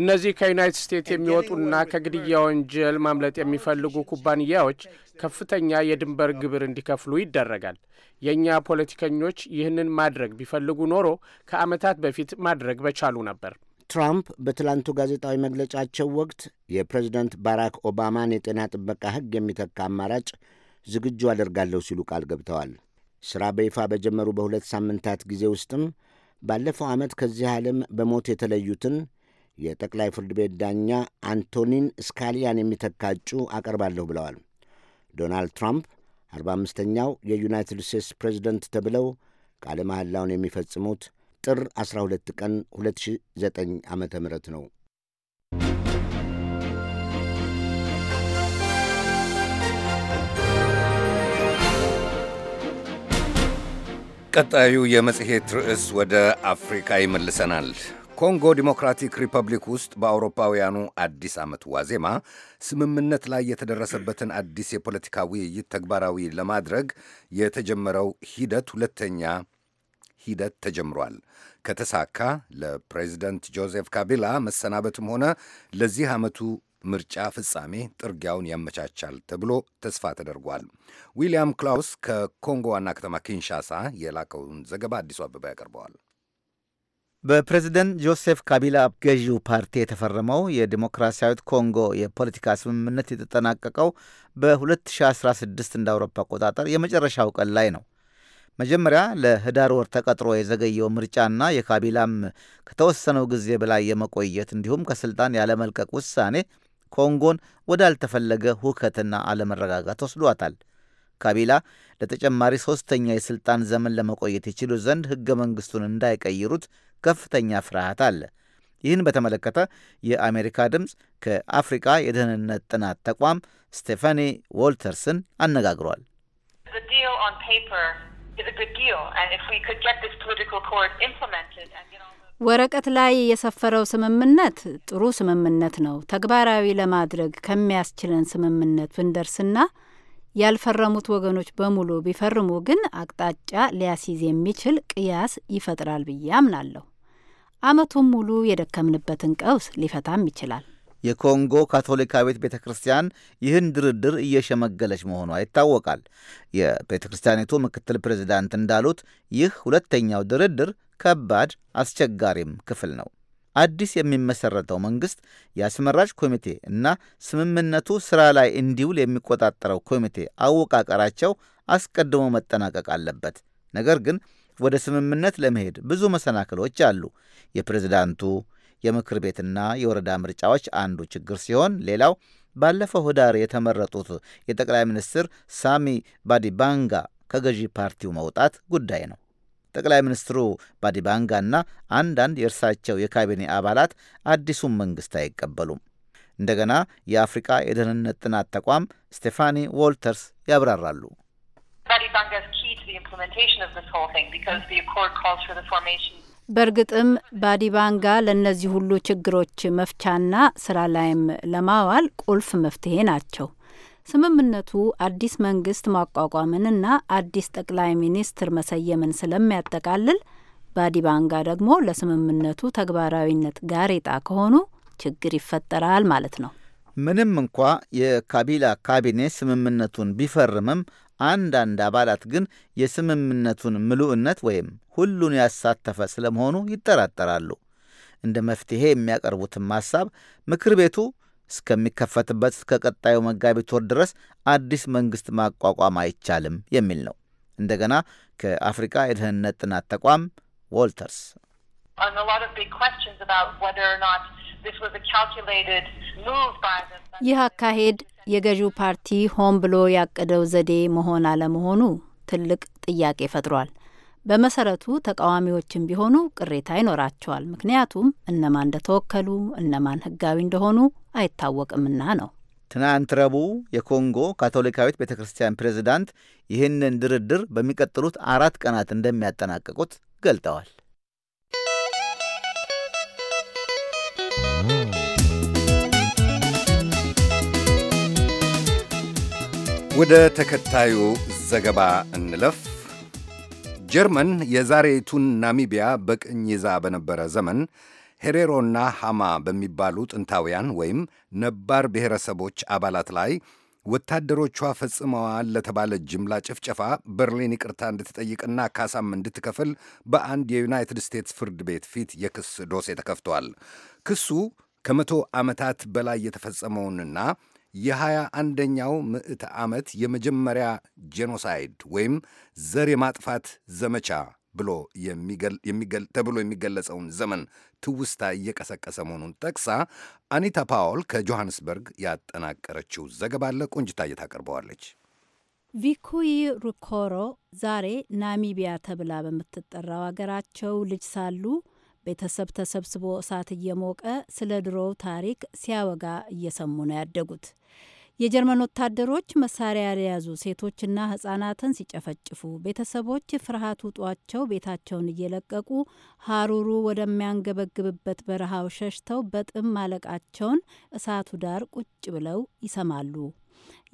እነዚህ ከዩናይትድ ስቴትስ የሚወጡና ከግድያ ወንጀል ማምለጥ የሚፈልጉ ኩባንያዎች ከፍተኛ የድንበር ግብር እንዲከፍሉ ይደረጋል። የእኛ ፖለቲከኞች ይህንን ማድረግ ቢፈልጉ ኖሮ ከዓመታት በፊት ማድረግ በቻሉ ነበር። ትራምፕ በትላንቱ ጋዜጣዊ መግለጫቸው ወቅት የፕሬዝደንት ባራክ ኦባማን የጤና ጥበቃ ሕግ የሚተካ አማራጭ ዝግጁ አደርጋለሁ ሲሉ ቃል ገብተዋል። ሥራ በይፋ በጀመሩ በሁለት ሳምንታት ጊዜ ውስጥም ባለፈው ዓመት ከዚህ ዓለም በሞት የተለዩትን የጠቅላይ ፍርድ ቤት ዳኛ አንቶኒን ስካሊያን የሚተካ እጩ አቀርባለሁ ብለዋል። ዶናልድ ትራምፕ 45ኛው የዩናይትድ ስቴትስ ፕሬዝደንት ተብለው ቃለ መሐላውን የሚፈጽሙት ጥር 12 ቀን 2009 ም ነው። ቀጣዩ የመጽሔት ርዕስ ወደ አፍሪካ ይመልሰናል። ኮንጎ ዲሞክራቲክ ሪፐብሊክ ውስጥ በአውሮፓውያኑ አዲስ ዓመት ዋዜማ ስምምነት ላይ የተደረሰበትን አዲስ የፖለቲካ ውይይት ተግባራዊ ለማድረግ የተጀመረው ሂደት ሁለተኛ ሂደት ተጀምሯል። ከተሳካ ለፕሬዚደንት ጆዜፍ ካቢላ መሰናበትም ሆነ ለዚህ ዓመቱ ምርጫ ፍጻሜ ጥርጊያውን ያመቻቻል ተብሎ ተስፋ ተደርጓል። ዊልያም ክላውስ ከኮንጎ ዋና ከተማ ኪንሻሳ የላከውን ዘገባ አዲሱ አበባ ያቀርበዋል። በፕሬዝደንት ጆሴፍ ካቢላ ገዢው ፓርቲ የተፈረመው የዲሞክራሲያዊት ኮንጎ የፖለቲካ ስምምነት የተጠናቀቀው በ2016 እንደ አውሮፓ አቆጣጠር የመጨረሻው ቀን ላይ ነው። መጀመሪያ ለህዳር ወር ተቀጥሮ የዘገየው ምርጫና የካቢላም ከተወሰነው ጊዜ በላይ የመቆየት እንዲሁም ከስልጣን ያለመልቀቅ ውሳኔ ኮንጎን ወዳልተፈለገ ሁከትና አለመረጋጋት ወስዷታል። ካቢላ ለተጨማሪ ሦስተኛ የሥልጣን ዘመን ለመቆየት ይችሉ ዘንድ ሕገ መንግሥቱን እንዳይቀይሩት ከፍተኛ ፍርሃት አለ። ይህን በተመለከተ የአሜሪካ ድምፅ ከአፍሪቃ የደህንነት ጥናት ተቋም ስቴፋኒ ዎልተርስን አነጋግሯል። ወረቀት ላይ የሰፈረው ስምምነት ጥሩ ስምምነት ነው። ተግባራዊ ለማድረግ ከሚያስችለን ስምምነት ብንደርስና ያልፈረሙት ወገኖች በሙሉ ቢፈርሙ ግን አቅጣጫ ሊያስይዝ የሚችል ቅያስ ይፈጥራል ብዬ አምናለሁ። ዓመቱን ሙሉ የደከምንበትን ቀውስ ሊፈታም ይችላል። የኮንጎ ካቶሊካዊት ቤተ ክርስቲያን ይህን ድርድር እየሸመገለች መሆኗ ይታወቃል። የቤተ ክርስቲያኒቱ ምክትል ፕሬዚዳንት እንዳሉት ይህ ሁለተኛው ድርድር ከባድ አስቸጋሪም ክፍል ነው። አዲስ የሚመሰረተው መንግሥት የአስመራጭ ኮሚቴ እና ስምምነቱ ሥራ ላይ እንዲውል የሚቆጣጠረው ኮሚቴ አወቃቀራቸው አስቀድሞ መጠናቀቅ አለበት። ነገር ግን ወደ ስምምነት ለመሄድ ብዙ መሰናክሎች አሉ። የፕሬዝዳንቱ የምክር ቤትና የወረዳ ምርጫዎች አንዱ ችግር ሲሆን፣ ሌላው ባለፈው ህዳር የተመረጡት የጠቅላይ ሚኒስትር ሳሚ ባዲባንጋ ከገዢ ፓርቲው መውጣት ጉዳይ ነው። ጠቅላይ ሚኒስትሩ ባዲባንጋና አንዳንድ የእርሳቸው የካቢኔ አባላት አዲሱን መንግሥት አይቀበሉም። እንደገና የአፍሪቃ የደህንነት ጥናት ተቋም ስቴፋኒ ዎልተርስ ያብራራሉ። በእርግጥም ባዲባንጋ ለእነዚህ ሁሉ ችግሮች መፍቻና ስራ ላይም ለማዋል ቁልፍ መፍትሄ ናቸው። ስምምነቱ አዲስ መንግስት ማቋቋምንና አዲስ ጠቅላይ ሚኒስትር መሰየምን ስለሚያጠቃልል ባዲባንጋ ደግሞ ለስምምነቱ ተግባራዊነት ጋሬጣ ከሆኑ ችግር ይፈጠራል ማለት ነው። ምንም እንኳ የካቢላ ካቢኔ ስምምነቱን ቢፈርምም አንዳንድ አባላት ግን የስምምነቱን ምሉዕነት ወይም ሁሉን ያሳተፈ ስለመሆኑ ይጠራጠራሉ። እንደ መፍትሄ የሚያቀርቡትም ሐሳብ ምክር ቤቱ እስከሚከፈትበት እስከ ቀጣዩ መጋቢት ወር ድረስ አዲስ መንግሥት ማቋቋም አይቻልም የሚል ነው። እንደገና ከአፍሪካ የደህንነት ጥናት ተቋም ዎልተርስ um, ይህ አካሄድ የገዢው ፓርቲ ሆን ብሎ ያቀደው ዘዴ መሆን አለመሆኑ ትልቅ ጥያቄ ፈጥሯል። በመሰረቱ ተቃዋሚዎችም ቢሆኑ ቅሬታ ይኖራቸዋል። ምክንያቱም እነማን እንደተወከሉ እነማን ህጋዊ እንደሆኑ አይታወቅምና ነው። ትናንት ረቡዕ የኮንጎ ካቶሊካዊት ቤተ ክርስቲያን ፕሬዚዳንት ይህንን ድርድር በሚቀጥሉት አራት ቀናት እንደሚያጠናቅቁት ገልጠዋል። ወደ ተከታዩ ዘገባ እንለፍ። ጀርመን የዛሬቱን ናሚቢያ በቅኝ ይዛ በነበረ ዘመን ሄሬሮና ሃማ በሚባሉ ጥንታውያን ወይም ነባር ብሔረሰቦች አባላት ላይ ወታደሮቿ ፈጽመዋል ለተባለ ጅምላ ጭፍጨፋ በርሊን ይቅርታ እንድትጠይቅና ካሳም እንድትከፍል በአንድ የዩናይትድ ስቴትስ ፍርድ ቤት ፊት የክስ ዶሴ ተከፍቷል። ክሱ ከመቶ ዓመታት በላይ የተፈጸመውንና የሃያ አንደኛው ምዕተ ዓመት የመጀመሪያ ጄኖሳይድ ወይም ዘር የማጥፋት ዘመቻ ብሎ ተብሎ የሚገለጸውን ዘመን ትውስታ እየቀሰቀሰ መሆኑን ጠቅሳ አኒታ ፓውል ከጆሃንስበርግ ያጠናቀረችው ዘገባ አለ። ቆንጅታ እየታቀርበዋለች። ቪኩይ ሩኮሮ ዛሬ ናሚቢያ ተብላ በምትጠራው አገራቸው ልጅ ሳሉ ቤተሰብ ተሰብስቦ እሳት እየሞቀ ስለ ድሮው ታሪክ ሲያወጋ እየሰሙ ነው ያደጉት። የጀርመን ወታደሮች መሳሪያ የያዙ ሴቶችና ህጻናትን ሲጨፈጭፉ ቤተሰቦች ፍርሃት ውጧቸው ቤታቸውን እየለቀቁ ሀሩሩ ወደሚያንገበግብበት በረሃው ሸሽተው በጥም ማለቃቸውን እሳቱ ዳር ቁጭ ብለው ይሰማሉ።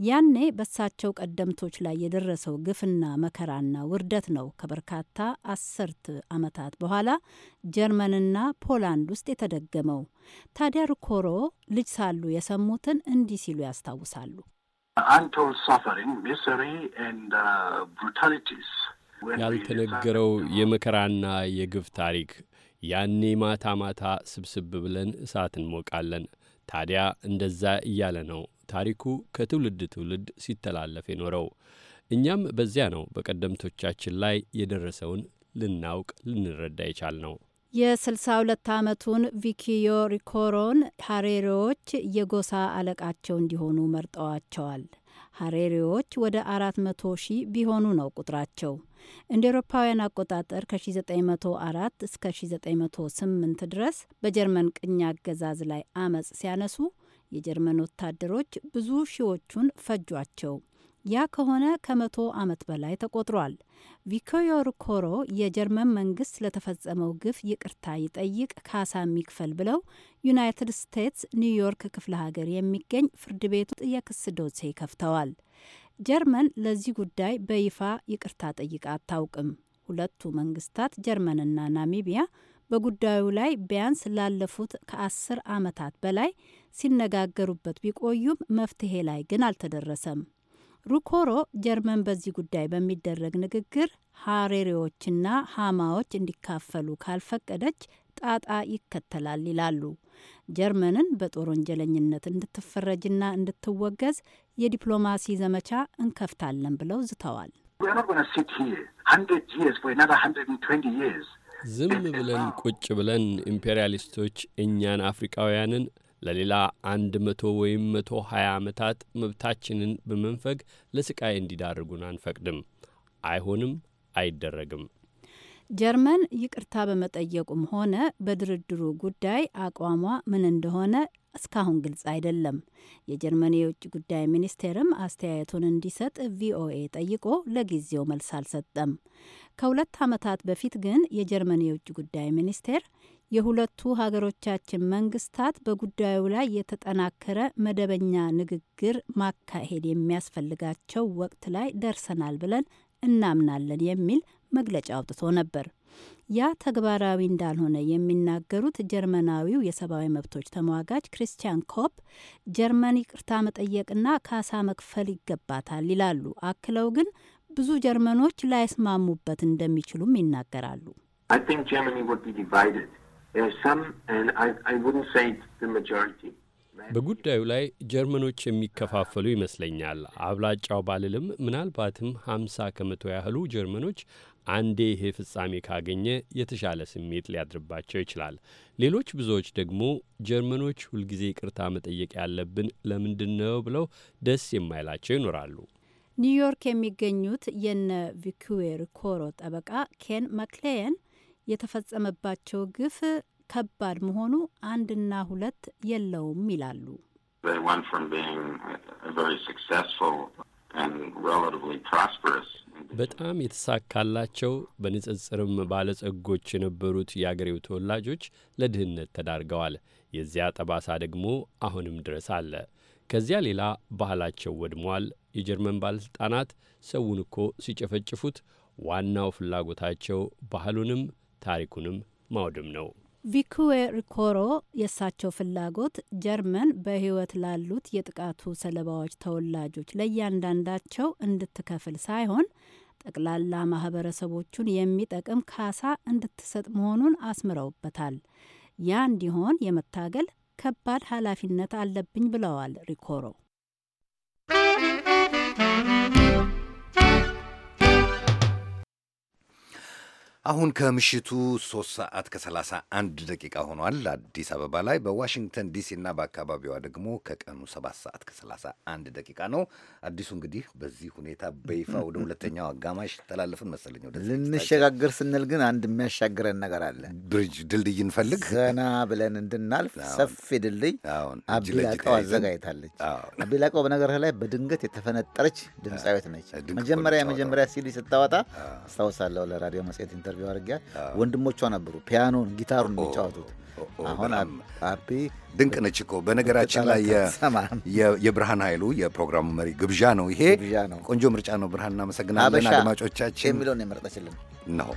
ያኔ በሳቸው ቀደምቶች ላይ የደረሰው ግፍና መከራና ውርደት ነው ከበርካታ አስርት ዓመታት በኋላ ጀርመንና ፖላንድ ውስጥ የተደገመው። ታዲያ ሩኮሮ ልጅ ሳሉ የሰሙትን እንዲህ ሲሉ ያስታውሳሉ። ያልተነገረው የመከራና የግፍ ታሪክ ያኔ ማታ ማታ ስብስብ ብለን እሳት እንሞቃለን። ታዲያ እንደዛ እያለ ነው ታሪኩ ከትውልድ ትውልድ ሲተላለፍ የኖረው። እኛም በዚያ ነው በቀደምቶቻችን ላይ የደረሰውን ልናውቅ ልንረዳ ይቻል ነው። የ62 ዓመቱን ቪኪዮ ሪኮሮን ሀሬሪዎች የጎሳ አለቃቸው እንዲሆኑ መርጠዋቸዋል። ሀሬሪዎች ወደ 400 ሺህ ቢሆኑ ነው ቁጥራቸው። እንደ ኤሮፓውያን አቆጣጠር ከ1904 እስከ 1908 ድረስ በጀርመን ቅኝ አገዛዝ ላይ አመፅ ሲያነሱ የጀርመን ወታደሮች ብዙ ሺዎቹን ፈጇቸው። ያ ከሆነ ከመቶ ዓመት በላይ ተቆጥሯል። ቪኮዮር ኮሮ የጀርመን መንግስት ለተፈጸመው ግፍ ይቅርታ ይጠይቅ፣ ካሳ የሚክፈል ብለው ዩናይትድ ስቴትስ ኒውዮርክ ክፍለ ሀገር የሚገኝ ፍርድ ቤቱ የክስ ዶሴ ከፍተዋል። ጀርመን ለዚህ ጉዳይ በይፋ ይቅርታ ጠይቃ አታውቅም። ሁለቱ መንግስታት ጀርመንና ናሚቢያ በጉዳዩ ላይ ቢያንስ ላለፉት ከአስር ዓመታት በላይ ሲነጋገሩበት ቢቆዩም መፍትሄ ላይ ግን አልተደረሰም። ሩኮሮ ጀርመን በዚህ ጉዳይ በሚደረግ ንግግር ሀሬሪዎችና ሀማዎች እንዲካፈሉ ካልፈቀደች ጣጣ ይከተላል ይላሉ። ጀርመንን በጦር ወንጀለኝነት እንድትፈረጅና እንድትወገዝ የዲፕሎማሲ ዘመቻ እንከፍታለን ብለው ዝተዋል። ዝም ብለን ቁጭ ብለን ኢምፔሪያሊስቶች እኛን አፍሪካውያንን ። ለሌላ አንድ መቶ ወይም መቶ ሀያ ዓመታት መብታችንን በመንፈግ ለስቃይ እንዲዳርጉን አንፈቅድም። አይሆንም፣ አይደረግም። ጀርመን ይቅርታ በመጠየቁም ሆነ በድርድሩ ጉዳይ አቋሟ ምን እንደሆነ እስካሁን ግልጽ አይደለም። የጀርመን የውጭ ጉዳይ ሚኒስቴርም አስተያየቱን እንዲሰጥ ቪኦኤ ጠይቆ ለጊዜው መልስ አልሰጠም። ከሁለት ዓመታት በፊት ግን የጀርመን የውጭ ጉዳይ ሚኒስቴር የሁለቱ ሀገሮቻችን መንግስታት በጉዳዩ ላይ የተጠናከረ መደበኛ ንግግር ማካሄድ የሚያስፈልጋቸው ወቅት ላይ ደርሰናል ብለን እናምናለን የሚል መግለጫ አውጥቶ ነበር። ያ ተግባራዊ እንዳልሆነ የሚናገሩት ጀርመናዊው የሰብአዊ መብቶች ተሟጋች ክሪስቲያን ኮፕ ጀርመን ይቅርታ መጠየቅና ካሳ መክፈል ይገባታል ይላሉ። አክለው ግን ብዙ ጀርመኖች ላይስማሙበት እንደሚችሉም ይናገራሉ። Uh, በጉዳዩ ላይ ጀርመኖች የሚከፋፈሉ ይመስለኛል። አብላጫው ባልልም ምናልባትም ሀምሳ ከመቶ ያህሉ ጀርመኖች አንዴ ይሄ ፍጻሜ ካገኘ የተሻለ ስሜት ሊያድርባቸው ይችላል። ሌሎች ብዙዎች ደግሞ ጀርመኖች ሁልጊዜ ይቅርታ መጠየቅ ያለብን ለምንድን ነው ብለው ደስ የማይላቸው ይኖራሉ። ኒውዮርክ የሚገኙት የነ ቪኩዌር ኮሮ ጠበቃ ኬን ማክሌየን የተፈጸመባቸው ግፍ ከባድ መሆኑ አንድና ሁለት የለውም ይላሉ። በጣም የተሳካላቸው በንጽጽርም ባለጸጎች የነበሩት የአገሬው ተወላጆች ለድህነት ተዳርገዋል። የዚያ ጠባሳ ደግሞ አሁንም ድረስ አለ። ከዚያ ሌላ ባህላቸው ወድሟል። የጀርመን ባለሥልጣናት ሰውን እኮ ሲጨፈጭፉት ዋናው ፍላጎታቸው ባህሉንም ታሪኩንም ማውደም ነው። ቪኩዌ ሪኮሮ የእሳቸው ፍላጎት ጀርመን በሕይወት ላሉት የጥቃቱ ሰለባዎች ተወላጆች ለእያንዳንዳቸው እንድትከፍል ሳይሆን ጠቅላላ ማህበረሰቦቹን የሚጠቅም ካሳ እንድትሰጥ መሆኑን አስምረውበታል። ያ እንዲሆን የመታገል ከባድ ኃላፊነት አለብኝ ብለዋል ሪኮሮ። አሁን ከምሽቱ 3 ሰዓት ከ31 ደቂቃ ሆኗል አዲስ አበባ ላይ። በዋሽንግተን ዲሲ እና በአካባቢዋ ደግሞ ከቀኑ 7 ሰዓት ከ31 ደቂቃ ነው። አዲሱ እንግዲህ በዚህ ሁኔታ በይፋ ወደ ሁለተኛው አጋማሽ ተላለፍን መሰለኝ። ወደ ስንል ግን አንድ የሚያሻግረን ነገር አለ። ብሪጅ ድልድይ እንፈልግ ዘና ብለን እንድናልፍ ሰፊ ድልድይ አቢላቀው አዘጋጅታለች። አቢላቀው በነገርህ ላይ በድንገት የተፈነጠረች ድምፃዊት ነች። መጀመሪያ የመጀመሪያ ሲዲ ስታወጣ አስታውሳለሁ ለራዲዮ መጽሔት ኢንተርቪው አድርጊያ ወንድሞቿ ነበሩ ፒያኖን ጊታሩን የሚጫወቱት። አሁን አፒ ድንቅ ነች እኮ በነገራችን ላይ የብርሃን ኃይሉ የፕሮግራሙ መሪ ግብዣ ነው። ይሄ ቆንጆ ምርጫ ነው ብርሃን፣ እናመሰግናለን። አድማጮቻችን የሚለውን የመረጠችልን ነው።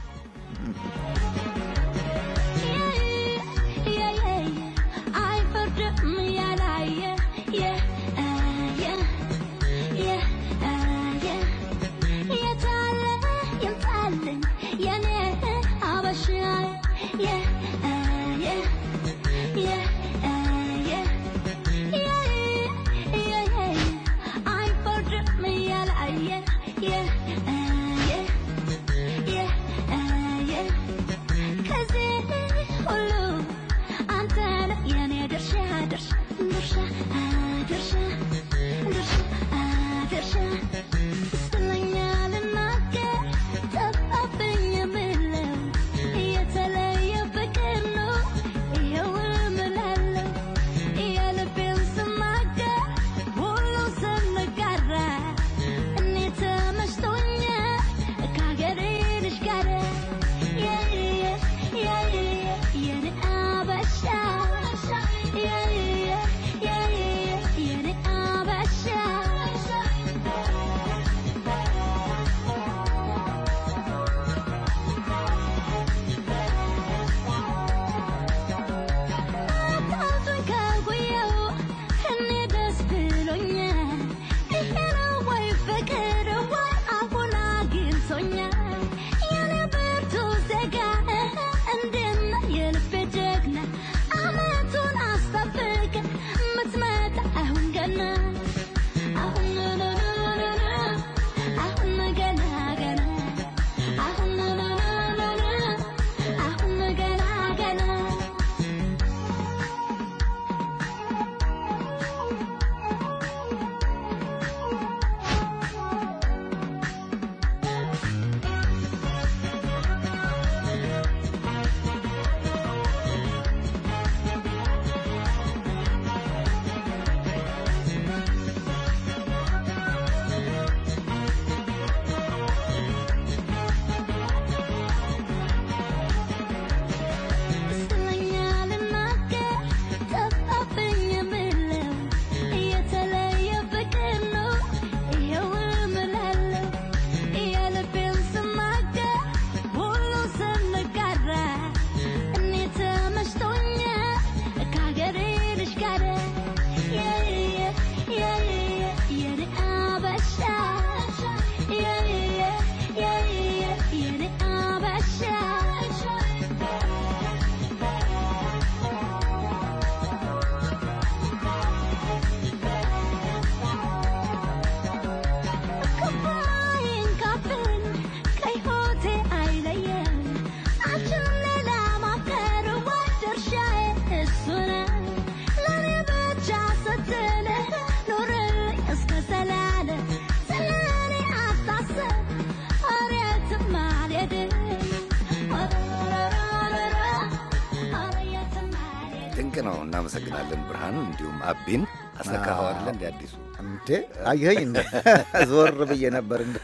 እንደ ዞር ብዬ ነበር። እንደ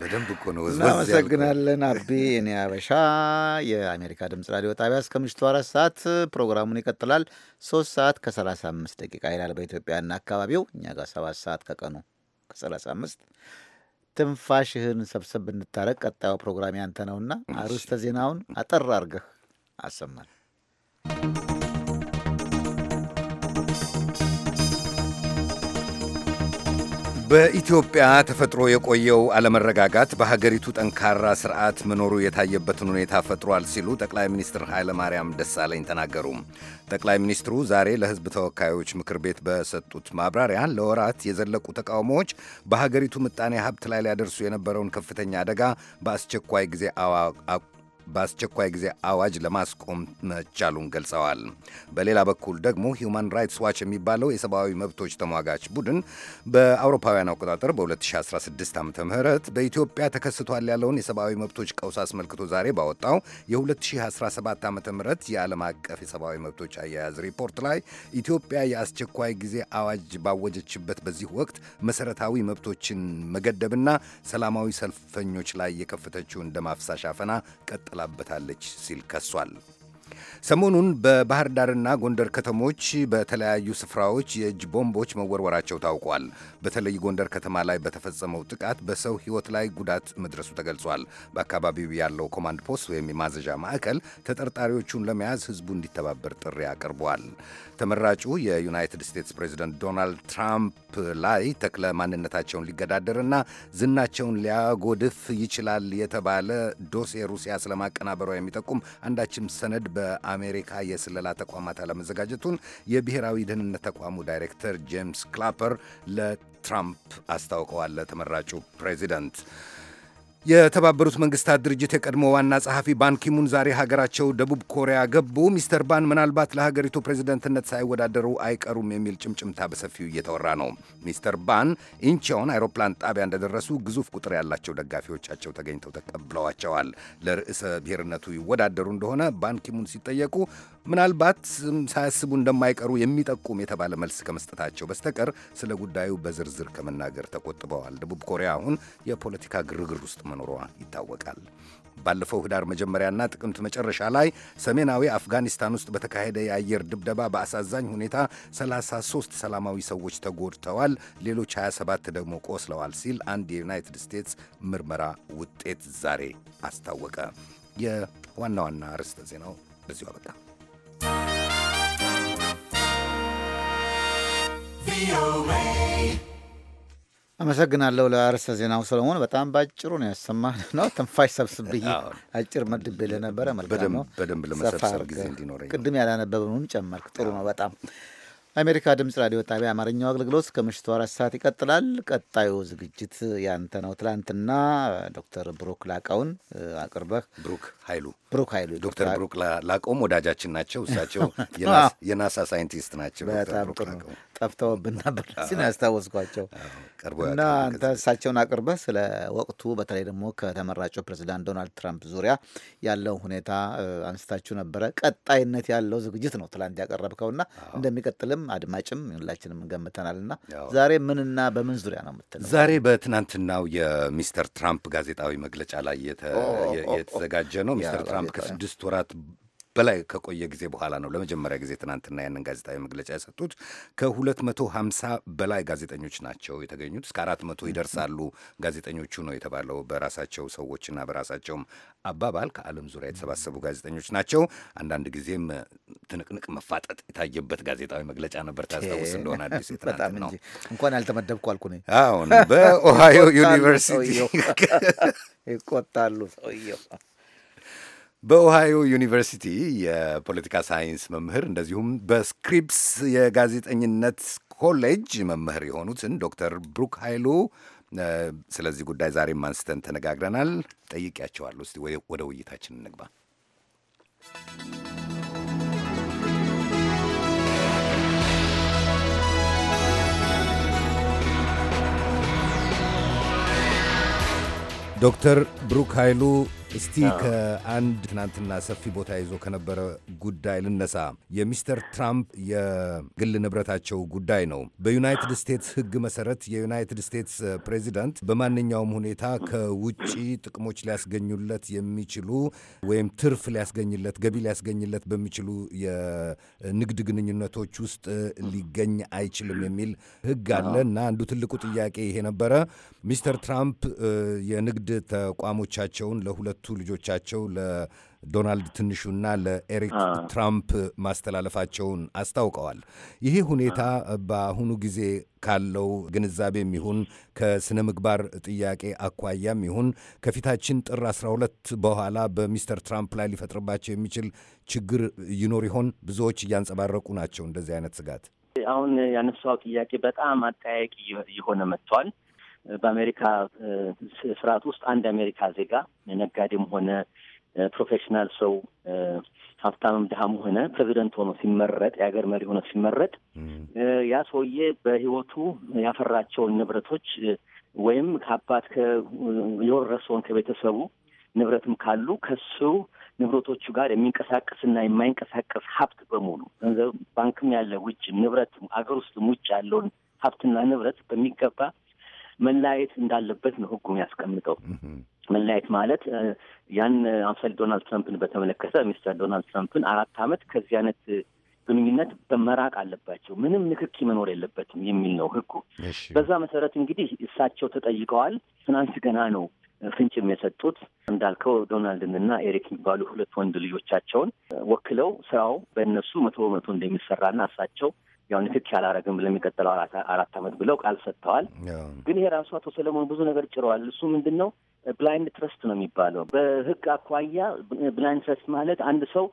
በደንብ እኮ ነው። እናመሰግናለን አቢ። እኔ አበሻ የአሜሪካ ድምፅ ራዲዮ ጣቢያ እስከ ምሽቱ አራት ሰዓት ፕሮግራሙን ይቀጥላል። ሶስት ሰዓት ከሰላሳ አምስት ደቂቃ ይላል በኢትዮጵያና አካባቢው። እኛ ጋር ሰባት ሰዓት ከቀኑ ከሰላሳ አምስት ትንፋሽህን ሰብሰብ እንታረቅ። ቀጣዩ ፕሮግራም ያንተ ነውና አርዕስተ ዜናውን አጠር አርገህ አሰማል። በኢትዮጵያ ተፈጥሮ የቆየው አለመረጋጋት በሀገሪቱ ጠንካራ ስርዓት መኖሩ የታየበትን ሁኔታ ፈጥሯል ሲሉ ጠቅላይ ሚኒስትር ኃይለማርያም ደሳለኝ ተናገሩ። ጠቅላይ ሚኒስትሩ ዛሬ ለሕዝብ ተወካዮች ምክር ቤት በሰጡት ማብራሪያ ለወራት የዘለቁ ተቃውሞዎች በሀገሪቱ ምጣኔ ሀብት ላይ ሊያደርሱ የነበረውን ከፍተኛ አደጋ በአስቸኳይ ጊዜ በአስቸኳይ ጊዜ አዋጅ ለማስቆም መቻሉን ገልጸዋል። በሌላ በኩል ደግሞ ሂውማን ራይትስ ዋች የሚባለው የሰብአዊ መብቶች ተሟጋች ቡድን በአውሮፓውያን አቆጣጠር በ2016 ዓ ም በኢትዮጵያ ተከስቷል ያለውን የሰብአዊ መብቶች ቀውስ አስመልክቶ ዛሬ ባወጣው የ2017 ዓ ም የዓለም አቀፍ የሰብአዊ መብቶች አያያዝ ሪፖርት ላይ ኢትዮጵያ የአስቸኳይ ጊዜ አዋጅ ባወጀችበት በዚህ ወቅት መሠረታዊ መብቶችን መገደብና ሰላማዊ ሰልፈኞች ላይ የከፈተችውን ደም አፍሳሽ አፈና ቀጥላ ትሰማበታለች ሲል ከሷል። ሰሞኑን በባህር ዳርና ጎንደር ከተሞች በተለያዩ ስፍራዎች የእጅ ቦምቦች መወርወራቸው ታውቋል። በተለይ ጎንደር ከተማ ላይ በተፈጸመው ጥቃት በሰው ሕይወት ላይ ጉዳት መድረሱ ተገልጿል። በአካባቢው ያለው ኮማንድ ፖስት ወይም የማዘዣ ማዕከል ተጠርጣሪዎቹን ለመያዝ ሕዝቡ እንዲተባበር ጥሪ አቅርቧል። ተመራጩ የዩናይትድ ስቴትስ ፕሬዚደንት ዶናልድ ትራምፕ ላይ ተክለ ማንነታቸውን ሊገዳደርና ዝናቸውን ሊያጎድፍ ይችላል የተባለ ዶሴ ሩሲያ ስለማቀናበሯ የሚጠቁም አንዳችም ሰነድ በ የአሜሪካ የስለላ ተቋማት አለመዘጋጀቱን የብሔራዊ ደህንነት ተቋሙ ዳይሬክተር ጄምስ ክላፐር ለትራምፕ አስታውቀዋል። ለተመራጩ ፕሬዚደንት የተባበሩት መንግስታት ድርጅት የቀድሞ ዋና ጸሐፊ ባንኪሙን ዛሬ ሀገራቸው ደቡብ ኮሪያ ገቡ። ሚስተር ባን ምናልባት ለሀገሪቱ ፕሬዚደንትነት ሳይወዳደሩ አይቀሩም የሚል ጭምጭምታ በሰፊው እየተወራ ነው። ሚስተር ባን ኢንቸውን አይሮፕላን ጣቢያ እንደደረሱ ግዙፍ ቁጥር ያላቸው ደጋፊዎቻቸው ተገኝተው ተቀብለዋቸዋል። ለርዕሰ ብሔርነቱ ይወዳደሩ እንደሆነ ባንኪሙን ሲጠየቁ ምናልባት ሳያስቡ እንደማይቀሩ የሚጠቁም የተባለ መልስ ከመስጠታቸው በስተቀር ስለ ጉዳዩ በዝርዝር ከመናገር ተቆጥበዋል። ደቡብ ኮሪያ አሁን የፖለቲካ ግርግር ውስጥ መኖሯ ይታወቃል። ባለፈው ህዳር መጀመሪያና ጥቅምት መጨረሻ ላይ ሰሜናዊ አፍጋኒስታን ውስጥ በተካሄደ የአየር ድብደባ በአሳዛኝ ሁኔታ 33 ሰላማዊ ሰዎች ተጎድተዋል፣ ሌሎች 27 ደግሞ ቆስለዋል ሲል አንድ የዩናይትድ ስቴትስ ምርመራ ውጤት ዛሬ አስታወቀ። የዋና ዋና ርዕሰ ዜናው በዚሁ አበቃ። አመሰግናለሁ ለአርዕስተ ዜናው ሰሎሞን። በጣም በአጭሩ ነው ያሰማ ነው። ትንፋሽ ሰብስብዬ አጭር መድቤ ለነበረ መልካም ነው። በደንብ ለመሰብሰብ ጊዜ እንዲኖረኝ ቅድም ያላነበብነውን ጨመርክ። ጥሩ ነው በጣም አሜሪካ ድምጽ ራዲዮ ጣቢያ አማርኛው አገልግሎት ከምሽቱ አራት ሰዓት ይቀጥላል። ቀጣዩ ዝግጅት ያንተ ነው። ትላንትና ዶክተር ብሩክ ላቀውን አቅርበህ ብሩክ ኃይሉ ብሩክ ኃይሉ ዶክተር ብሩክ ላቆም ወዳጃችን ናቸው። እሳቸው የናሳ ሳይንቲስት ናቸው። በጣም ጥሩ ጠፍተውብን ነበር ሲን ያስታወስኳቸው እና አንተ እሳቸውን አቅርበ ስለ ወቅቱ በተለይ ደግሞ ከተመራጩ ፕሬዚዳንት ዶናልድ ትራምፕ ዙሪያ ያለው ሁኔታ አንስታችሁ ነበረ። ቀጣይነት ያለው ዝግጅት ነው ትላንት እና እንደሚቀጥልም አድማጭም ሁላችንም እንገምተናልና ዛሬ ምንና በምን ዙሪያ ነው የምትለው? ዛሬ በትናንትናው የሚስተር ትራምፕ ጋዜጣዊ መግለጫ ላይ የተዘጋጀ ነው። ሚስተር ትራምፕ በጣም ከስድስት ወራት በላይ ከቆየ ጊዜ በኋላ ነው ለመጀመሪያ ጊዜ ትናንትና ያንን ጋዜጣዊ መግለጫ የሰጡት። ከ250 በላይ ጋዜጠኞች ናቸው የተገኙት። እስከ 400 ይደርሳሉ ጋዜጠኞቹ ነው የተባለው። በራሳቸው ሰዎችና በራሳቸውም አባባል ከዓለም ዙሪያ የተሰባሰቡ ጋዜጠኞች ናቸው። አንዳንድ ጊዜም ትንቅንቅ፣ መፋጠጥ የታየበት ጋዜጣዊ መግለጫ ነበር። ታስታውስ እንደሆነ አዲስ ትናንት ነው። እንኳን አልተመደብኩ አልኩ አሁን በኦሃዮ ዩኒቨርሲቲ ይቆጣሉ ሰውየው በኦሃዮ ዩኒቨርሲቲ የፖለቲካ ሳይንስ መምህር እንደዚሁም በስክሪፕስ የጋዜጠኝነት ኮሌጅ መምህር የሆኑትን ዶክተር ብሩክ ኃይሉ ስለዚህ ጉዳይ ዛሬም አንስተን ተነጋግረናል። ጠይቄያቸዋለሁ። እስቲ ወደ ውይይታችን እንግባ። ዶክተር ብሩክ ኃይሉ እስቲ ከአንድ ትናንትና ሰፊ ቦታ ይዞ ከነበረ ጉዳይ ልነሳ። የሚስተር ትራምፕ የግል ንብረታቸው ጉዳይ ነው። በዩናይትድ ስቴትስ ሕግ መሰረት የዩናይትድ ስቴትስ ፕሬዚዳንት በማንኛውም ሁኔታ ከውጭ ጥቅሞች ሊያስገኙለት የሚችሉ ወይም ትርፍ ሊያስገኝለት፣ ገቢ ሊያስገኝለት በሚችሉ የንግድ ግንኙነቶች ውስጥ ሊገኝ አይችልም የሚል ሕግ አለ እና አንዱ ትልቁ ጥያቄ ይሄ ነበረ። ሚስተር ትራምፕ የንግድ ተቋሞቻቸውን ለሁለት ለሁለቱ ልጆቻቸው ለዶናልድ ትንሹና ለኤሪክ ትራምፕ ማስተላለፋቸውን አስታውቀዋል። ይሄ ሁኔታ በአሁኑ ጊዜ ካለው ግንዛቤም ይሁን ከስነ ምግባር ጥያቄ አኳያም ይሁን ከፊታችን ጥር 12 በኋላ በሚስተር ትራምፕ ላይ ሊፈጥርባቸው የሚችል ችግር ይኖር ይሆን? ብዙዎች እያንጸባረቁ ናቸው እንደዚህ አይነት ስጋት። አሁን ያነሳው ጥያቄ በጣም አጠያቂ የሆነ መጥቷል። በአሜሪካ ስርዓት ውስጥ አንድ አሜሪካ ዜጋ ነጋዴም ሆነ ፕሮፌሽናል ሰው ሀብታምም ድሃም ሆነ ፕሬዚደንት ሆኖ ሲመረጥ የሀገር መሪ ሆኖ ሲመረጥ ያ ሰውዬ በህይወቱ ያፈራቸውን ንብረቶች ወይም ከአባት የወረሰውን ከቤተሰቡ ንብረትም ካሉ ከሱ ንብረቶቹ ጋር የሚንቀሳቀስና የማይንቀሳቀስ ሀብት በሙሉ ገንዘብ ባንክም ያለ ውጭ ንብረት አገር ውስጥም ውጭ ያለውን ሀብትና ንብረት በሚገባ መለያየት እንዳለበት ነው ህጉ የሚያስቀምጠው። መለያየት ማለት ያን አምሳሌ ዶናልድ ትራምፕን በተመለከተ ሚስተር ዶናልድ ትራምፕን አራት ዓመት ከዚህ አይነት ግንኙነት በመራቅ አለባቸው፣ ምንም ንክኪ መኖር የለበትም የሚል ነው ህጉ። በዛ መሰረት እንግዲህ እሳቸው ተጠይቀዋል። ትናንት ገና ነው ፍንጭም የሰጡት እንዳልከው ዶናልድን እና ኤሪክ የሚባሉ ሁለት ወንድ ልጆቻቸውን ወክለው ስራው በእነሱ መቶ በመቶ እንደሚሰራና እሳቸው ያው ንክክ ያላረግም ለሚቀጥለው አራት አመት ብለው ቃል ሰጥተዋል። ግን ይሄ ራሱ አቶ ሰለሞን ብዙ ነገር ጭረዋል። እሱ ምንድን ነው ብላይንድ ትረስት ነው የሚባለው። በህግ አኳያ ብላይንድ ትረስት ማለት አንድ ሰው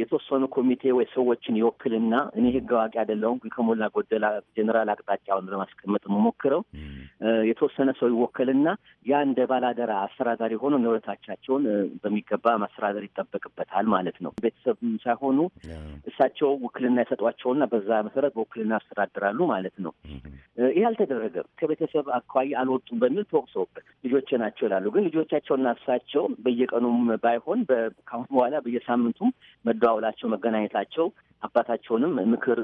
የተወሰኑ ኮሚቴ ወይ ሰዎችን ይወክልና እኔ ህግ አዋቂ አይደለሁም፣ ግን ከሞላ ጎደል ጀኔራል አቅጣጫውን ለማስቀመጥ የምሞክረው የተወሰነ ሰው ይወክልና ያ እንደ ባላደራ አስተዳዳሪ ሆኖ ንብረታቻቸውን በሚገባ ማስተዳደር ይጠበቅበታል ማለት ነው። ቤተሰብ ሳይሆኑ እሳቸው ውክልና ይሰጧቸውና በዛ መሰረት በውክልና ያስተዳድራሉ ማለት ነው። ይህ አልተደረገም። ከቤተሰብ አኳያ አልወጡም በሚል ተወቅሰውበት ልጆቼ ናቸው ይላሉ። ግን ልጆቻቸውና እሳቸው በየቀኑም ባይሆን ከአሁን በኋላ በየሳምንቱም መደዋወላቸው፣ መገናኘታቸው አባታቸውንም ምክር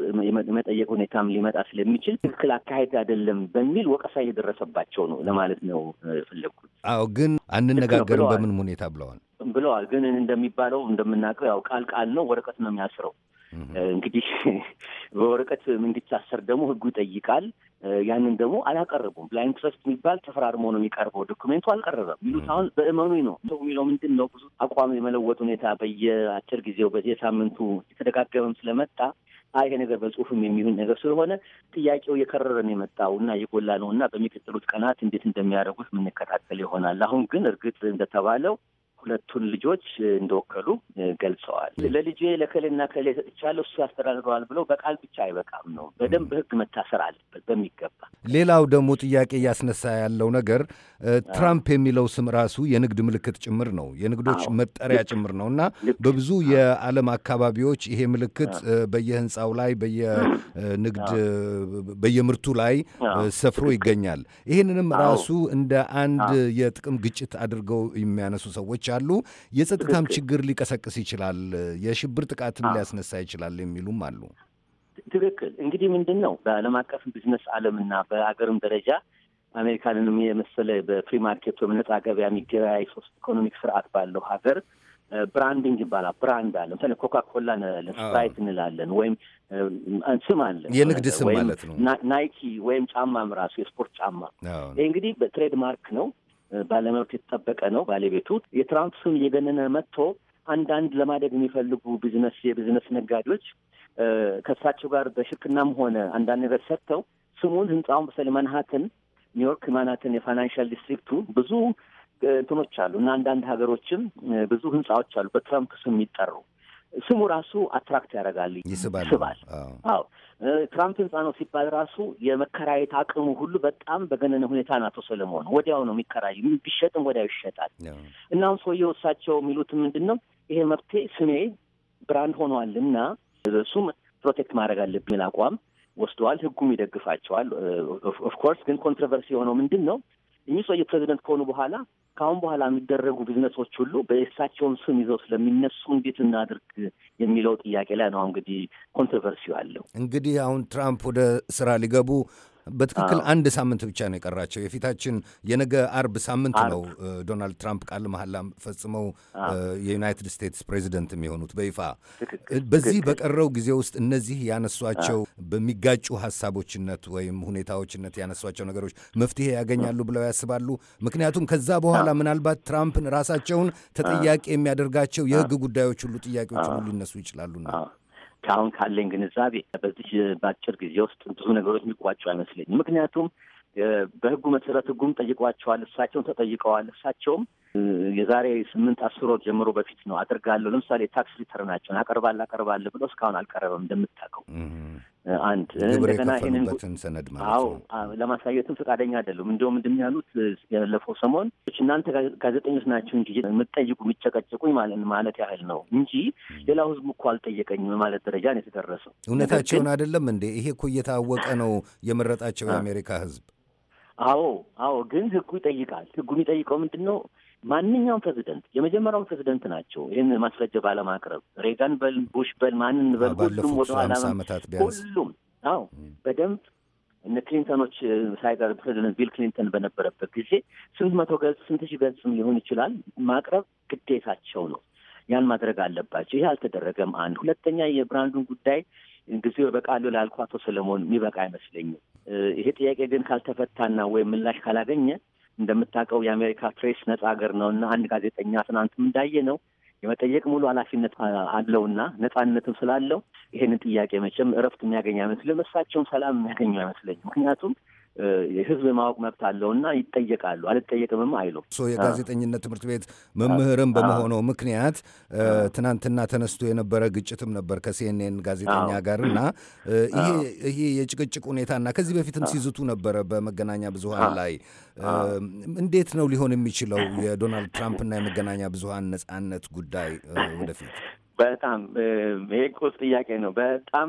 የመጠየቅ ሁኔታም ሊመጣ ስለሚችል ትክክል አካሄድ አይደለም በሚል ወቀሳ እየደረሰባቸው ነው ለማለት ነው የፈለግኩት። አዎ፣ ግን አንነጋገርም በምን ሁኔታ ብለዋል ብለዋል። ግን እንደሚባለው እንደምናውቀው ያው ቃል ቃል ነው፣ ወረቀት ነው የሚያስረው። እንግዲህ በወረቀት እንዲታሰር ደግሞ ህጉ ይጠይቃል። ያንን ደግሞ አላቀረቡም። ብላይንድ ትረስት የሚባል ተፈራርሞ ነው የሚቀርበው፣ ዶክሜንቱ አልቀረበም ሚሉት አሁን በእመኑ ነው ሰው የሚለው ምንድን ነው። ብዙ አቋም የመለወጥ ሁኔታ በየአጭር ጊዜው በዚህ ሳምንቱ የተደጋገመም ስለመጣ ይሄ ነገር በጽሁፍም የሚሆን ነገር ስለሆነ ጥያቄው የከረረን የመጣው እና የጎላ ነው እና በሚቀጥሉት ቀናት እንዴት እንደሚያደርጉት የምንከታተል ይሆናል። አሁን ግን እርግጥ እንደተባለው ሁለቱን ልጆች እንደወከሉ ገልጸዋል። ለልጄ ለከሌና ከሌ ሰጥቻለሁ እሱ ያስተዳድረዋል ብለው በቃል ብቻ አይበቃም ነው፣ በደንብ በህግ መታሰር አለበት በሚገባ። ሌላው ደግሞ ጥያቄ እያስነሳ ያለው ነገር ትራምፕ የሚለው ስም ራሱ የንግድ ምልክት ጭምር ነው፣ የንግዶች መጠሪያ ጭምር ነው እና በብዙ የዓለም አካባቢዎች ይሄ ምልክት በየህንፃው ላይ በየንግድ በየምርቱ ላይ ሰፍሮ ይገኛል። ይህንንም ራሱ እንደ አንድ የጥቅም ግጭት አድርገው የሚያነሱ ሰዎች ያሉ የጸጥታም ችግር ሊቀሰቅስ ይችላል፣ የሽብር ጥቃትም ሊያስነሳ ይችላል የሚሉም አሉ። ትክክል። እንግዲህ ምንድን ነው በዓለም አቀፍ ቢዝነስ ዓለምና በአገርም ደረጃ አሜሪካንንም የመሰለ በፍሪ ማርኬት ወይም ነጻ ገበያ የሚገበያይ ሶስት ኢኮኖሚክ ስርዓት ባለው ሀገር ብራንዲንግ ይባላል። ብራንድ አለ። ምሳሌ ኮካ ኮላ እንላለን፣ ስፕራይት እንላለን፣ ወይም ስም አለ፣ የንግድ ስም ማለት ነው። ናይኪ ወይም ጫማም ራሱ የስፖርት ጫማ ይህ እንግዲህ በትሬድ ማርክ ነው ባለመብት የተጠበቀ ነው ባለቤቱ። የትራምፕ ስም እየገነነ መጥቶ አንዳንድ ለማደግ የሚፈልጉ ቢዝነስ የቢዝነስ ነጋዴዎች ከእሳቸው ጋር በሽርክናም ሆነ አንዳንድ ነገር ሰጥተው ስሙን ህንፃውን በሰሌ ማንሃትን ኒውዮርክ ማንሃትን የፋይናንሻል ዲስትሪክቱ ብዙ እንትኖች አሉ እና አንዳንድ ሀገሮችም ብዙ ህንፃዎች አሉ በትራምፕ ስም የሚጠሩ ስሙ ራሱ አትራክት ያደርጋል፣ ይስባል። አዎ ትራምፕ ህንፃ ነው ሲባል ራሱ የመከራየት አቅሙ ሁሉ በጣም በገነነ ሁኔታ ናቶ ሰለሞን ወዲያው ነው የሚከራዩ፣ ቢሸጥም ወዲያው ይሸጣል። እናም ሰውየው እሳቸው የሚሉት ምንድን ነው ይሄ መብቴ ስሜ ብራንድ ሆኗል እና እሱም ፕሮቴክት ማድረግ አለብኝ የሚል አቋም ወስደዋል። ህጉም ይደግፋቸዋል። ኦፍኮርስ ግን ኮንትሮቨርሲ የሆነው ምንድን ነው እኚህ ሰውዬ ፕሬዚደንት ከሆኑ በኋላ ከአሁን በኋላ የሚደረጉ ቢዝነሶች ሁሉ በእሳቸውን ስም ይዘው ስለሚነሱ እንዴት እናድርግ የሚለው ጥያቄ ላይ ነው እንግዲህ ኮንትሮቨርሲ አለው። እንግዲህ አሁን ትራምፕ ወደ ስራ ሊገቡ በትክክል አንድ ሳምንት ብቻ ነው የቀራቸው። የፊታችን የነገ አርብ ሳምንት ነው ዶናልድ ትራምፕ ቃል መሐላ ፈጽመው የዩናይትድ ስቴትስ ፕሬዚደንት የሚሆኑት በይፋ። በዚህ በቀረው ጊዜ ውስጥ እነዚህ ያነሷቸው በሚጋጩ ሀሳቦችነት ወይም ሁኔታዎችነት ያነሷቸው ነገሮች መፍትሄ ያገኛሉ ብለው ያስባሉ? ምክንያቱም ከዛ በኋላ ምናልባት ትራምፕን ራሳቸውን ተጠያቂ የሚያደርጋቸው የህግ ጉዳዮች ሁሉ ጥያቄዎች ሁሉ ሊነሱ ይችላሉና እስካሁን ካለኝ ግንዛቤ በዚህ በአጭር ጊዜ ውስጥ ብዙ ነገሮች የሚቋጩ አይመስለኝም። ምክንያቱም በህጉ መሰረት ህጉም ጠይቋቸዋል፣ እሳቸውም ተጠይቀዋል። እሳቸውም የዛሬ ስምንት አስር ወር ጀምሮ በፊት ነው አድርጋለሁ። ለምሳሌ ታክስ ሪተርናቸውን አቀርባለሁ አቀርባለሁ ብሎ እስካሁን አልቀረበም እንደምታውቀው። አንድ እንደገና ይህንንበትን ሰነድ ማለት ነው ለማሳየትም ፈቃደኛ አይደሉም። እንደውም ምንድን ያሉት ያለፈው ሰሞን እናንተ ጋዜጠኞች ናቸው እንጂ የምትጠይቁ የሚጨቀጭቁኝ ማለት ያህል ነው እንጂ ሌላው ህዝብ እኮ አልጠየቀኝም ማለት ደረጃ ነው የተደረሰው። እውነታቸውን አይደለም እንዴ? ይሄ እኮ እየታወቀ ነው የመረጣቸው የአሜሪካ ህዝብ አዎ አዎ፣ ግን ህጉ ይጠይቃል። ህጉ የሚጠይቀው ምንድን ነው? ማንኛውም ፕሬዚደንት የመጀመሪያው ፕሬዚደንት ናቸው። ይህን ማስረጃ ባለማቅረብ ሬጋን በል ቡሽ በል ማንን በል ሁሉም ወደኋላ ሁሉም አዎ በደንብ እነ ክሊንተኖች ሳይቀር ፕሬዚደንት ቢል ክሊንተን በነበረበት ጊዜ ስንት መቶ ገጽ ስንት ሺህ ገጽም ሊሆን ይችላል ማቅረብ ግዴታቸው ነው። ያን ማድረግ አለባቸው። ይህ አልተደረገም። አንድ ሁለተኛ የብራንዱን ጉዳይ ጊዜው በቃሉ ላልኩ አቶ ሰለሞን የሚበቃ አይመስለኝም። ይሄ ጥያቄ ግን ካልተፈታና ወይም ምላሽ ካላገኘ እንደምታውቀው የአሜሪካ ፕሬስ ነጻ ሀገር ነው እና አንድ ጋዜጠኛ ትናንትም እንዳየ ነው የመጠየቅ ሙሉ ኃላፊነት አለውና ነጻነትም ስላለው ይሄንን ጥያቄ መቼም እረፍት የሚያገኝ አይመስልም። እሳቸውም ሰላም የሚያገኙ አይመስለኝ። ምክንያቱም የህዝብ የማወቅ መብት አለውና ይጠየቃሉ። አልጠየቅምም አይሉም። እርስዎ የጋዜጠኝነት ትምህርት ቤት መምህርም በመሆነው ምክንያት ትናንትና ተነስቶ የነበረ ግጭትም ነበር ከሲኤንኤን ጋዜጠኛ ጋር እና ይሄ የጭቅጭቅ ሁኔታና ከዚህ በፊትም ሲዝቱ ነበረ በመገናኛ ብዙሀን ላይ እንዴት ነው ሊሆን የሚችለው የዶናልድ ትራምፕና የመገናኛ ብዙሀን ነጻነት ጉዳይ ወደፊት በጣም ይሄ እኮ ጥያቄ ነው። በጣም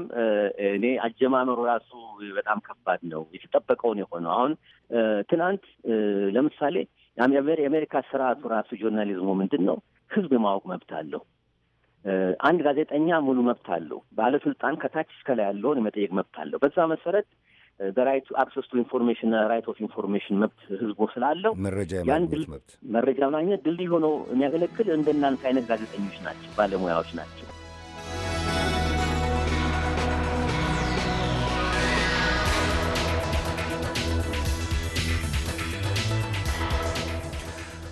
እኔ አጀማመሩ ራሱ በጣም ከባድ ነው። የተጠበቀውን የሆነው አሁን ትናንት ለምሳሌ የአሜሪካ ስርዓቱ ራሱ ጆርናሊዝሙ ምንድን ነው? ህዝብ የማወቅ መብት አለው። አንድ ጋዜጠኛ ሙሉ መብት አለው። ባለስልጣን ከታች እስከላይ ያለውን የመጠየቅ መብት አለው። በዛ መሰረት በራይቱ አክሰስ ቱ ኢንፎርሜሽን ና ራይት ኦፍ ኢንፎርሜሽን መብት ህዝቦ ስላለው መረጃ ማግኘት ድልድይ ሆኖ የሚያገለግል እንደናንተ አይነት ጋዜጠኞች ናቸው፣ ባለሙያዎች ናቸው።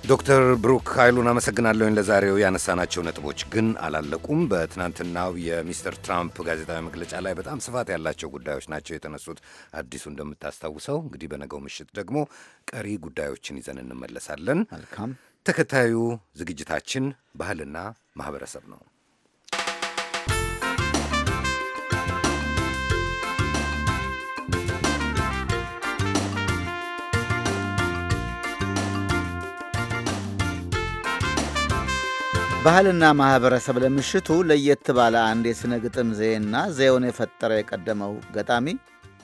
ዶክተር ብሩክ ኃይሉን አመሰግናለሁኝ። ለዛሬው ያነሳናቸው ነጥቦች ግን አላለቁም። በትናንትናው የሚስተር ትራምፕ ጋዜጣዊ መግለጫ ላይ በጣም ስፋት ያላቸው ጉዳዮች ናቸው የተነሱት። አዲሱ እንደምታስታውሰው እንግዲህ በነገው ምሽት ደግሞ ቀሪ ጉዳዮችን ይዘን እንመለሳለን። መልካም። ተከታዩ ዝግጅታችን ባህልና ማህበረሰብ ነው። ባህልና ማህበረሰብ ለምሽቱ ለየት ባለ አንድ የሥነ ግጥም ዘዬና ዘዬውን የፈጠረ የቀደመው ገጣሚ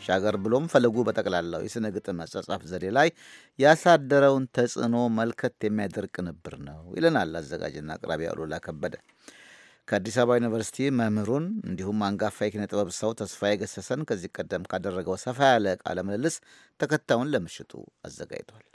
ሻገር ብሎም ፈለጉ በጠቅላላው የሥነ ግጥም አጻጻፍ ዘዴ ላይ ያሳደረውን ተጽዕኖ መልከት የሚያደርግ ቅንብር ነው ይለናል አዘጋጅና አቅራቢ አሉላ ከበደ። ከአዲስ አበባ ዩኒቨርሲቲ መምህሩን እንዲሁም አንጋፋ የኪነ ጥበብ ሰው ተስፋዬ ገሰሰን ከዚህ ቀደም ካደረገው ሰፋ ያለ ቃለ ምልልስ ተከታዩን ለምሽቱ አዘጋጅቷል።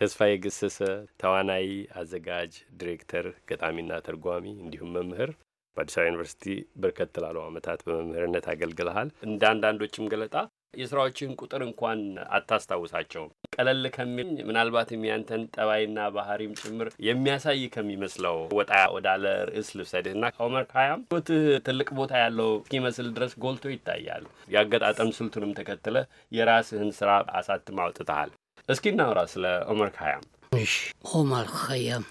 ተስፋዬ ገሰሰ ተዋናይ፣ አዘጋጅ፣ ዲሬክተር፣ ገጣሚና ተርጓሚ እንዲሁም መምህር በአዲስ አበባ ዩኒቨርሲቲ በርከት ላሉ ዓመታት በመምህርነት አገልግልሃል። እንደ አንዳንዶችም ገለጣ የስራዎችን ቁጥር እንኳን አታስታውሳቸውም። ቀለል ከሚል ምናልባትም ያንተን ጠባይና ባህሪም ጭምር የሚያሳይ ከሚመስለው ወጣ ወዳለ ርዕስ ልብሰድህ ና ኦመር ካያም ህይወትህ ትልቅ ቦታ ያለው እስኪመስል ድረስ ጎልቶ ይታያል። የአገጣጠም ስልቱንም ተከትለ የራስህን ስራ አሳትም አውጥተሃል። እስኪ እናውራ ስለ ኦመር ኸያም። ኦመር ኸያም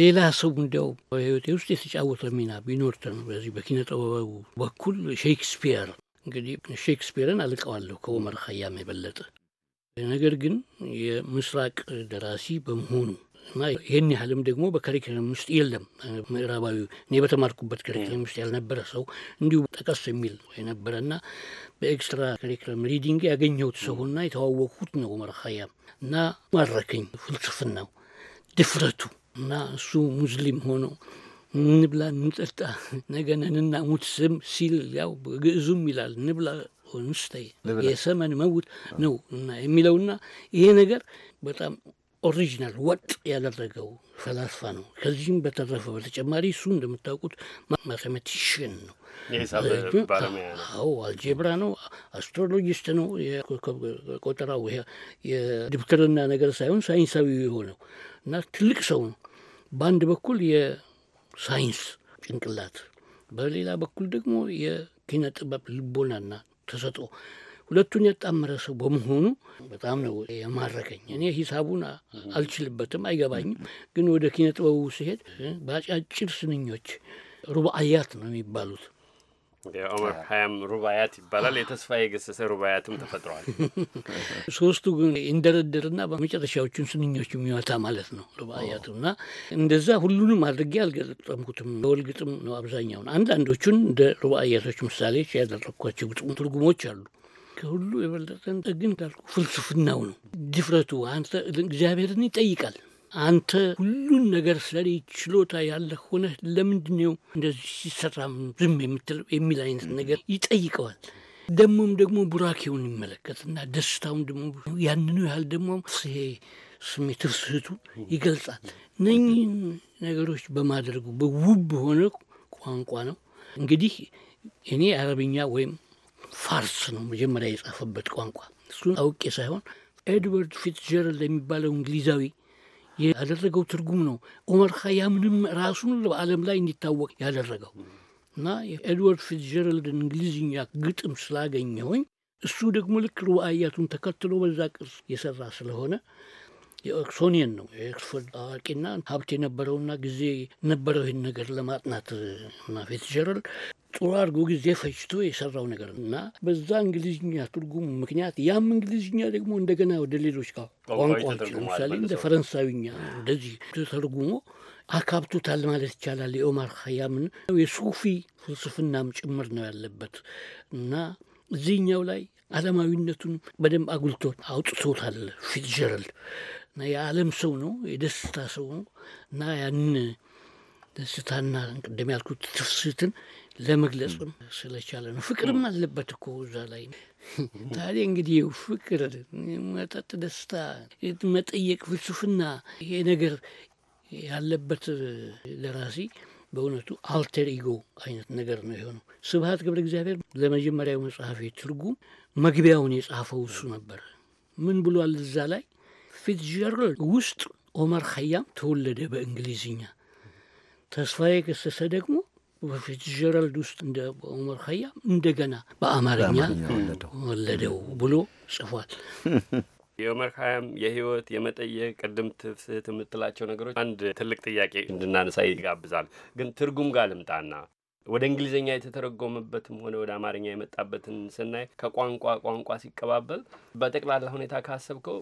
ሌላ ሰው እንዲያው በህይወቴ ውስጥ የተጫወተ ሚና ቢኖርተን በዚህ በኪነ ጥበቡ በኩል ሼክስፒየር እንግዲህ ሼክስፒየርን አልቀዋለሁ ከኦመር ኸያም የበለጠ ነገር ግን የምስራቅ ደራሲ በመሆኑ እና ይህን ያህልም ደግሞ በከሪክለም ውስጥ የለም። ምዕራባዊ እኔ በተማርኩበት ከሪክለም ውስጥ ያልነበረ ሰው እንዲሁ ጠቀስ የሚል የነበረ እና በኤክስትራ ከሪክለም ሪዲንግ ያገኘሁት ሰውና የተዋወቅሁት ነው ዑመር ኸያም እና ማረከኝ ፍልስፍናው፣ ድፍረቱ እና እሱ ሙስሊም ሆኖ እንብላ እንጠጣ ነገ ነን ስም ሲል ያው ግዕዙም ይላል እንብላ ንስተይ የሰመን መውት ነው እና የሚለውና ይሄ ነገር በጣም ኦሪጂናል ወጥ ያደረገው ፈላስፋ ነው። ከዚህም በተረፈ በተጨማሪ እሱ እንደምታውቁት ማቴማቲሽን ነው። ው አልጀብራ ነው፣ አስትሮሎጂስት ነው። ቆጠራው የድብትርና ነገር ሳይሆን ሳይንሳዊ የሆነው እና ትልቅ ሰው ነው። በአንድ በኩል የሳይንስ ጭንቅላት፣ በሌላ በኩል ደግሞ የኪነ ጥበብ ልቦናና ተሰጥኦ ሁለቱን የጣመረ ሰው በመሆኑ በጣም ነው የማረከኝ። እኔ ሂሳቡን አልችልበትም፣ አይገባኝም። ግን ወደ ኪነ ጥበቡ ስሄድ በአጫጭር ስንኞች ሩባአያት ነው የሚባሉት የኦመር ሀያም ሩባያት ይባላል። የተስፋ የገሰሰ ሩባያትም ተፈጥረዋል። ሶስቱ ግን እንደረደርና በመጨረሻዎቹን ስንኞች የሚወታ ማለት ነው ሩባያቱ እና እንደዛ ሁሉንም አድርጌ አልገጠምኩትም። በወልግጥም ነው አብዛኛውን አንዳንዶቹን እንደ ሩባያቶች ምሳሌ ያደረግኳቸው ግጥሙ ትርጉሞች አሉ። ከሁሉ የበለጠን ግን ካልኩ ፍልስፍናው ነው ድፍረቱ። አንተ እግዚአብሔርን ይጠይቃል። አንተ ሁሉን ነገር ሰሪ ችሎታ ያለ ሆነ ለምንድነው እንደዚህ ሲሰራ ዝም የምትለው የሚል አይነት ነገር ይጠይቀዋል። ደግሞም ደግሞ ቡራኬውን ይመለከትና ደስታውን ደግሞ ያንኑ ያህል ደግሞ ይሄ ስሜት ፍስህቱ ይገልጻል። እነኚህን ነገሮች በማድረጉ በውብ ሆነ ቋንቋ ነው እንግዲህ እኔ አረብኛ ወይም ፋርስ ነው መጀመሪያ የጻፈበት ቋንቋ። እሱን አውቄ ሳይሆን ኤድወርድ ፊትጀራልድ የሚባለው እንግሊዛዊ ያደረገው ትርጉም ነው ኦመር ኸያምንም ራሱን በዓለም ላይ እንዲታወቅ ያደረገው እና የኤድወርድ ፊትጀራልድን እንግሊዝኛ ግጥም ስላገኘሁኝ እሱ ደግሞ ልክ ሩአያቱን ተከትሎ በዛ ቅርጽ የሰራ ስለሆነ የኦክሶኒየን ነው የኦክስፎርድ አዋቂና ሀብት የነበረውና ጊዜ ነበረው ይህን ነገር ለማጥናት እና ፊትዝጄራልድ ጥሩ አድርጎ ጊዜ ፈጅቶ የሰራው ነገር እና በዛ እንግሊዝኛ ትርጉሙ ምክንያት ያም እንግሊዝኛ ደግሞ እንደገና ወደ ሌሎች ቋንቋዎች ለምሳሌ እንደ ፈረንሳዊኛ እንደዚህ ተርጉሞ አካብቶታል ማለት ይቻላል። የኦማር ኸያምን የሱፊ ፍልስፍናም ጭምር ነው ያለበት እና እዚህኛው ላይ ዓለማዊነቱን በደንብ አጉልቶ አውጥቶታል ፊትዝጄራልድ እና የዓለም ሰው ነው፣ የደስታ ሰው ነው እና ያንን ደስታና ቅድም ያልኩት ትፍስትን ለመግለጽም ስለቻለ ነው። ፍቅርም አለበት እኮ እዛ ላይ። ታዲያ እንግዲህ ፍቅር፣ መጠጥ፣ ደስታ፣ መጠየቅ፣ ፍልስፍና ይሄ ነገር ያለበት ደራሲ በእውነቱ አልተር ኢጎ አይነት ነገር ነው የሆነው። ስብሐት ገብረ እግዚአብሔር ለመጀመሪያው መጽሐፍ ትርጉም መግቢያውን የጻፈው እሱ ነበር። ምን ብሏል እዛ ላይ? ፊትጀራልድ ውስጥ ኦመር ኸያም ተወለደ በእንግሊዝኛ። ተስፋዬ ገሰሰ ደግሞ በፊትጀራልድ ውስጥ እንደ ኦመር ኸያም እንደገና በአማርኛ ወለደው ብሎ ጽፏል። የኦመር ኸያም የህይወት የመጠየቅ ቅድም ትፍስህት የምትላቸው ነገሮች አንድ ትልቅ ጥያቄ እንድናነሳ ይጋብዛል። ግን ትርጉም ጋር ልምጣና ወደ እንግሊዝኛ የተተረጎመበትም ሆነ ወደ አማርኛ የመጣበትን ስናይ ከቋንቋ ቋንቋ ሲቀባበል በጠቅላላ ሁኔታ ካሰብከው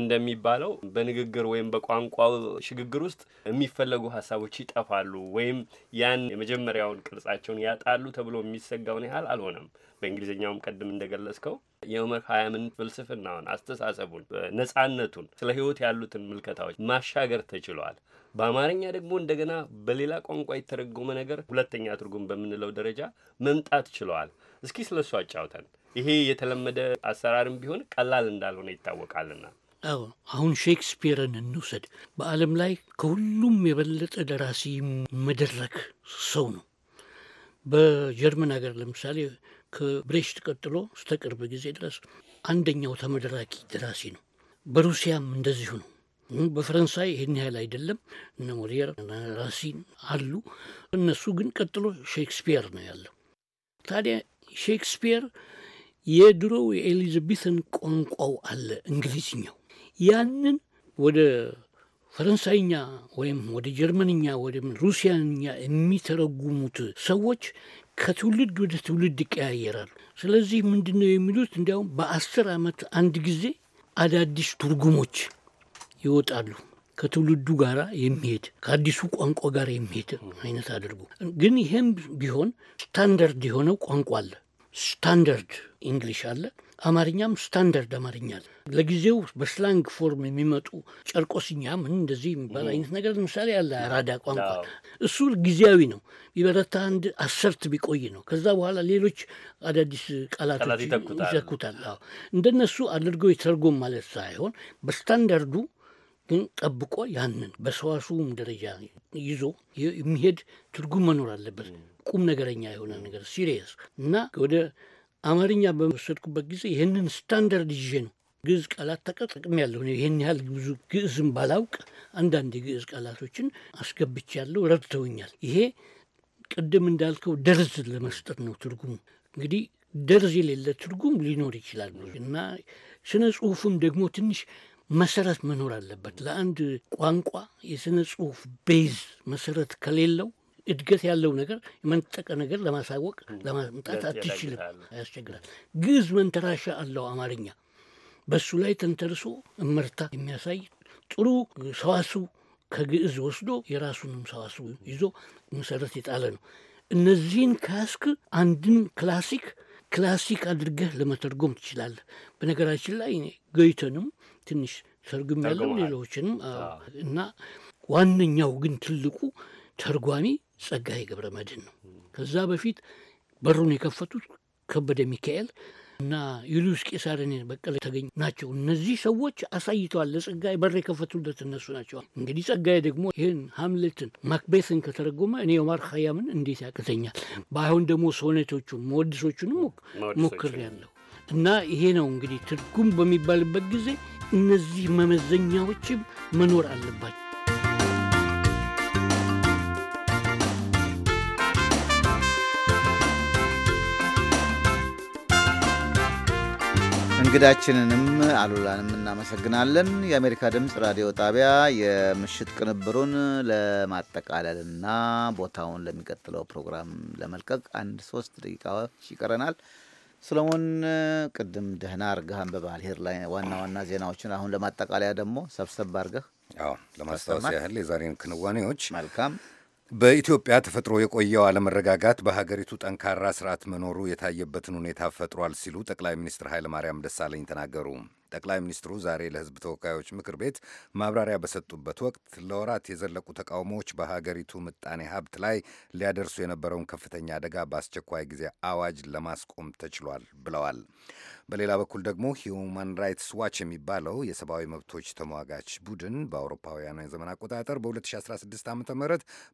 እንደሚባለው በንግግር ወይም በቋንቋው ሽግግር ውስጥ የሚፈለጉ ሀሳቦች ይጠፋሉ ወይም ያን የመጀመሪያውን ቅርጻቸውን ያጣሉ ተብሎ የሚሰጋውን ያህል አልሆነም። በእንግሊዝኛውም ቀድም እንደገለጽከው የኡመር ሀያምን ፍልስፍናውን፣ አስተሳሰቡን፣ ነጻነቱን፣ ስለ ህይወት ያሉትን ምልከታዎች ማሻገር ተችሏል። በአማርኛ ደግሞ እንደገና በሌላ ቋንቋ የተረጎመ ነገር ሁለተኛ ትርጉም በምንለው ደረጃ መምጣት ችለዋል። እስኪ ስለ እሱ አጫውተን። ይሄ የተለመደ አሰራርም ቢሆን ቀላል እንዳልሆነ ይታወቃልና። አዎ አሁን ሼክስፒርን እንውሰድ። በዓለም ላይ ከሁሉም የበለጠ ደራሲ መደረክ ሰው ነው። በጀርመን ሀገር ለምሳሌ ከብሬሽት ቀጥሎ እስከ ቅርብ ጊዜ ድረስ አንደኛው ተመደራኪ ደራሲ ነው። በሩሲያም እንደዚሁ ነው። በፈረንሳይ ይህን ያህል አይደለም። እነ ሞሊየር ራሲን አሉ። እነሱ ግን ቀጥሎ ሼክስፒር ነው ያለው። ታዲያ ሼክስፒር የድሮው የኤሊዝቤትን ቋንቋው አለ እንግሊዝኛው። ያንን ወደ ፈረንሳይኛ ወይም ወደ ጀርመንኛ ወይም ሩሲያንኛ የሚተረጉሙት ሰዎች ከትውልድ ወደ ትውልድ ይቀያየራሉ። ስለዚህ ምንድን ነው የሚሉት? እንዲያውም በአስር ዓመት አንድ ጊዜ አዳዲስ ትርጉሞች ይወጣሉ። ከትውልዱ ጋር የሚሄድ ከአዲሱ ቋንቋ ጋር የሚሄድ አይነት አድርጉ። ግን ይህም ቢሆን ስታንዳርድ የሆነው ቋንቋ አለ። ስታንዳርድ እንግሊሽ አለ፣ አማርኛም ስታንዳርድ አማርኛ አለ። ለጊዜው በስላንግ ፎርም የሚመጡ ጨርቆስኛ ምን እንደዚህ የሚባል አይነት ነገር ለምሳሌ አለ አራዳ ቋንቋ። እሱ ጊዜያዊ ነው፣ ቢበረታ አንድ አሰርት ቢቆይ ነው። ከዛ በኋላ ሌሎች አዳዲስ ቃላቶች ይዘኩታል። እንደነሱ አድርገው የተርጎም ማለት ሳይሆን በስታንዳርዱ ግን ጠብቆ ያንን በሰዋሱም ደረጃ ይዞ የሚሄድ ትርጉም መኖር አለበት። ቁም ነገረኛ የሆነ ነገር ሲሪየስ እና ወደ አማርኛ በመሰድኩበት ጊዜ ይህንን ስታንዳርድ ይዤ ነው ግዕዝ ቃላት ተጠቅም ያለሁ ይህን ያህል ብዙ ግዕዝም ባላውቅ አንዳንድ የግዕዝ ቃላቶችን አስገብቼ ያለው ረድተውኛል። ይሄ ቅድም እንዳልከው ደርዝ ለመስጠት ነው ትርጉሙ እንግዲህ ደርዝ የሌለ ትርጉም ሊኖር ይችላል እና ስነ ጽሁፍም ደግሞ ትንሽ መሰረት መኖር አለበት። ለአንድ ቋንቋ የስነ ጽሁፍ ቤዝ መሰረት ከሌለው እድገት ያለው ነገር የመንጠቀ ነገር ለማሳወቅ ለማምጣት አትችልም፣ ያስቸግራል። ግዕዝ መንተራሻ አለው አማርኛ በሱ ላይ ተንተርሶ እመርታ የሚያሳይ ጥሩ ሰዋስው ከግዕዝ ወስዶ የራሱንም ሰዋስው ይዞ መሰረት የጣለ ነው። እነዚህን ካስክ አንድን ክላሲክ ክላሲክ አድርገህ ለመተርጎም ትችላለህ። በነገራችን ላይ ገይተንም ትንሽ ተርጉም ያለው ሌሎችንም እና ዋነኛው ግን ትልቁ ተርጓሚ ጸጋዬ ገብረ መድን ነው። ከዛ በፊት በሩን የከፈቱት ከበደ ሚካኤል እና ዩልዩስ ቄሳርን በቀለ የተገኙ ናቸው። እነዚህ ሰዎች አሳይተዋል። ለጸጋዬ በር የከፈቱለት እነሱ ናቸው። እንግዲህ ጸጋዬ ደግሞ ይህን ሀምሌትን ማክቤትን ከተረጎመ እኔ ኦማር ኸያምን እንዴት ያቅተኛል? በአሁን ደግሞ ሶኔቶቹን መወድሶቹንም ሞክር ያለው እና ይሄ ነው እንግዲህ ትርጉም በሚባልበት ጊዜ እነዚህ መመዘኛዎችም መኖር አለባቸው። እንግዳችንንም አሉላንም እናመሰግናለን። የአሜሪካ ድምፅ ራዲዮ ጣቢያ የምሽት ቅንብሩን ለማጠቃለልና ቦታውን ለሚቀጥለው ፕሮግራም ለመልቀቅ አንድ ሶስት ደቂቃዎች ይቀረናል። ሰሎሞን ቅድም ደህና አርገህ አንብበሃል ሄር ላይ ዋና ዋና ዜናዎችን። አሁን ለማጠቃለያ ደግሞ ሰብሰብ አርገህ ለማስታወስ ያህል የዛሬን ክንዋኔዎች መልካም በኢትዮጵያ ተፈጥሮ የቆየው አለመረጋጋት በሀገሪቱ ጠንካራ ስርዓት መኖሩ የታየበትን ሁኔታ ፈጥሯል ሲሉ ጠቅላይ ሚኒስትር ኃይለማርያም ደሳለኝ ተናገሩ። ጠቅላይ ሚኒስትሩ ዛሬ ለሕዝብ ተወካዮች ምክር ቤት ማብራሪያ በሰጡበት ወቅት ለወራት የዘለቁ ተቃውሞዎች በሀገሪቱ ምጣኔ ሀብት ላይ ሊያደርሱ የነበረውን ከፍተኛ አደጋ በአስቸኳይ ጊዜ አዋጅ ለማስቆም ተችሏል ብለዋል። በሌላ በኩል ደግሞ ሂዩማን ራይትስ ዋች የሚባለው የሰብአዊ መብቶች ተሟጋች ቡድን በአውሮፓውያኑ የዘመን አቆጣጠር በ2016 ዓ ም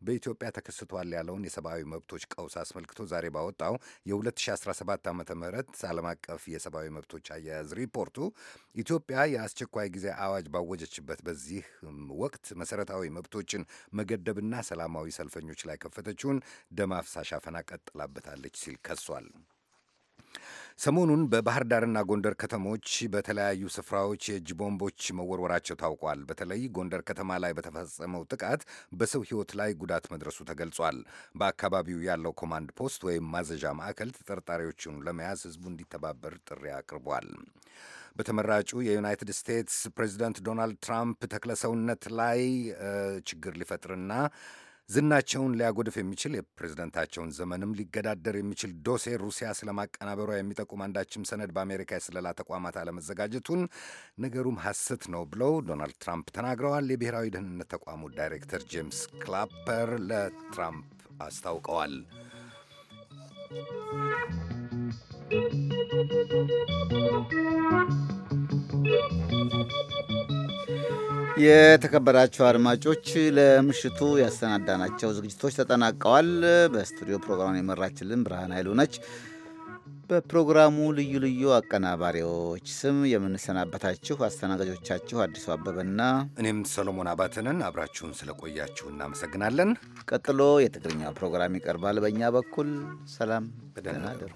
በኢትዮጵያ ተከስቷል ያለውን የሰብአዊ መብቶች ቀውስ አስመልክቶ ዛሬ ባወጣው የ2017 ዓ ም ዓለም አቀፍ የሰብአዊ መብቶች አያያዝ ሪፖርቱ ኢትዮጵያ የአስቸኳይ ጊዜ አዋጅ ባወጀችበት በዚህ ወቅት መሰረታዊ መብቶችን መገደብና ሰላማዊ ሰልፈኞች ላይ ከፈተችውን ደም አፍሳሽ አፈና ቀጥላበታለች ሲል ከሷል። ሰሞኑን በባህር ዳርና ጎንደር ከተሞች በተለያዩ ስፍራዎች የእጅ ቦምቦች መወርወራቸው ታውቋል። በተለይ ጎንደር ከተማ ላይ በተፈጸመው ጥቃት በሰው ሕይወት ላይ ጉዳት መድረሱ ተገልጿል። በአካባቢው ያለው ኮማንድ ፖስት ወይም ማዘዣ ማዕከል ተጠርጣሪዎቹን ለመያዝ ሕዝቡ እንዲተባበር ጥሪ አቅርቧል። በተመራጩ የዩናይትድ ስቴትስ ፕሬዚደንት ዶናልድ ትራምፕ ተክለሰውነት ላይ ችግር ሊፈጥርና ዝናቸውን ሊያጎድፍ የሚችል የፕሬዝደንታቸውን ዘመንም ሊገዳደር የሚችል ዶሴ ሩሲያ ስለማቀናበሯ የሚጠቁም አንዳችም ሰነድ በአሜሪካ የስለላ ተቋማት አለመዘጋጀቱን ነገሩም ሐሰት ነው ብለው ዶናልድ ትራምፕ ተናግረዋል። የብሔራዊ ደህንነት ተቋሙ ዳይሬክተር ጄምስ ክላፐር ለትራምፕ አስታውቀዋል። Thank you. የተከበራችሁ አድማጮች ለምሽቱ ያሰናዳናቸው ዝግጅቶች ተጠናቀዋል። በስቱዲዮ ፕሮግራም የመራችልን ብርሃን ኃይሉ ነች። በፕሮግራሙ ልዩ ልዩ አቀናባሪዎች ስም የምንሰናበታችሁ አስተናጋጆቻችሁ አዲሱ አበበና እኔም ሰሎሞን አባትንን አብራችሁን ስለቆያችሁ እናመሰግናለን። ቀጥሎ የትግርኛ ፕሮግራም ይቀርባል። በእኛ በኩል ሰላም፣ ደህና እደሩ።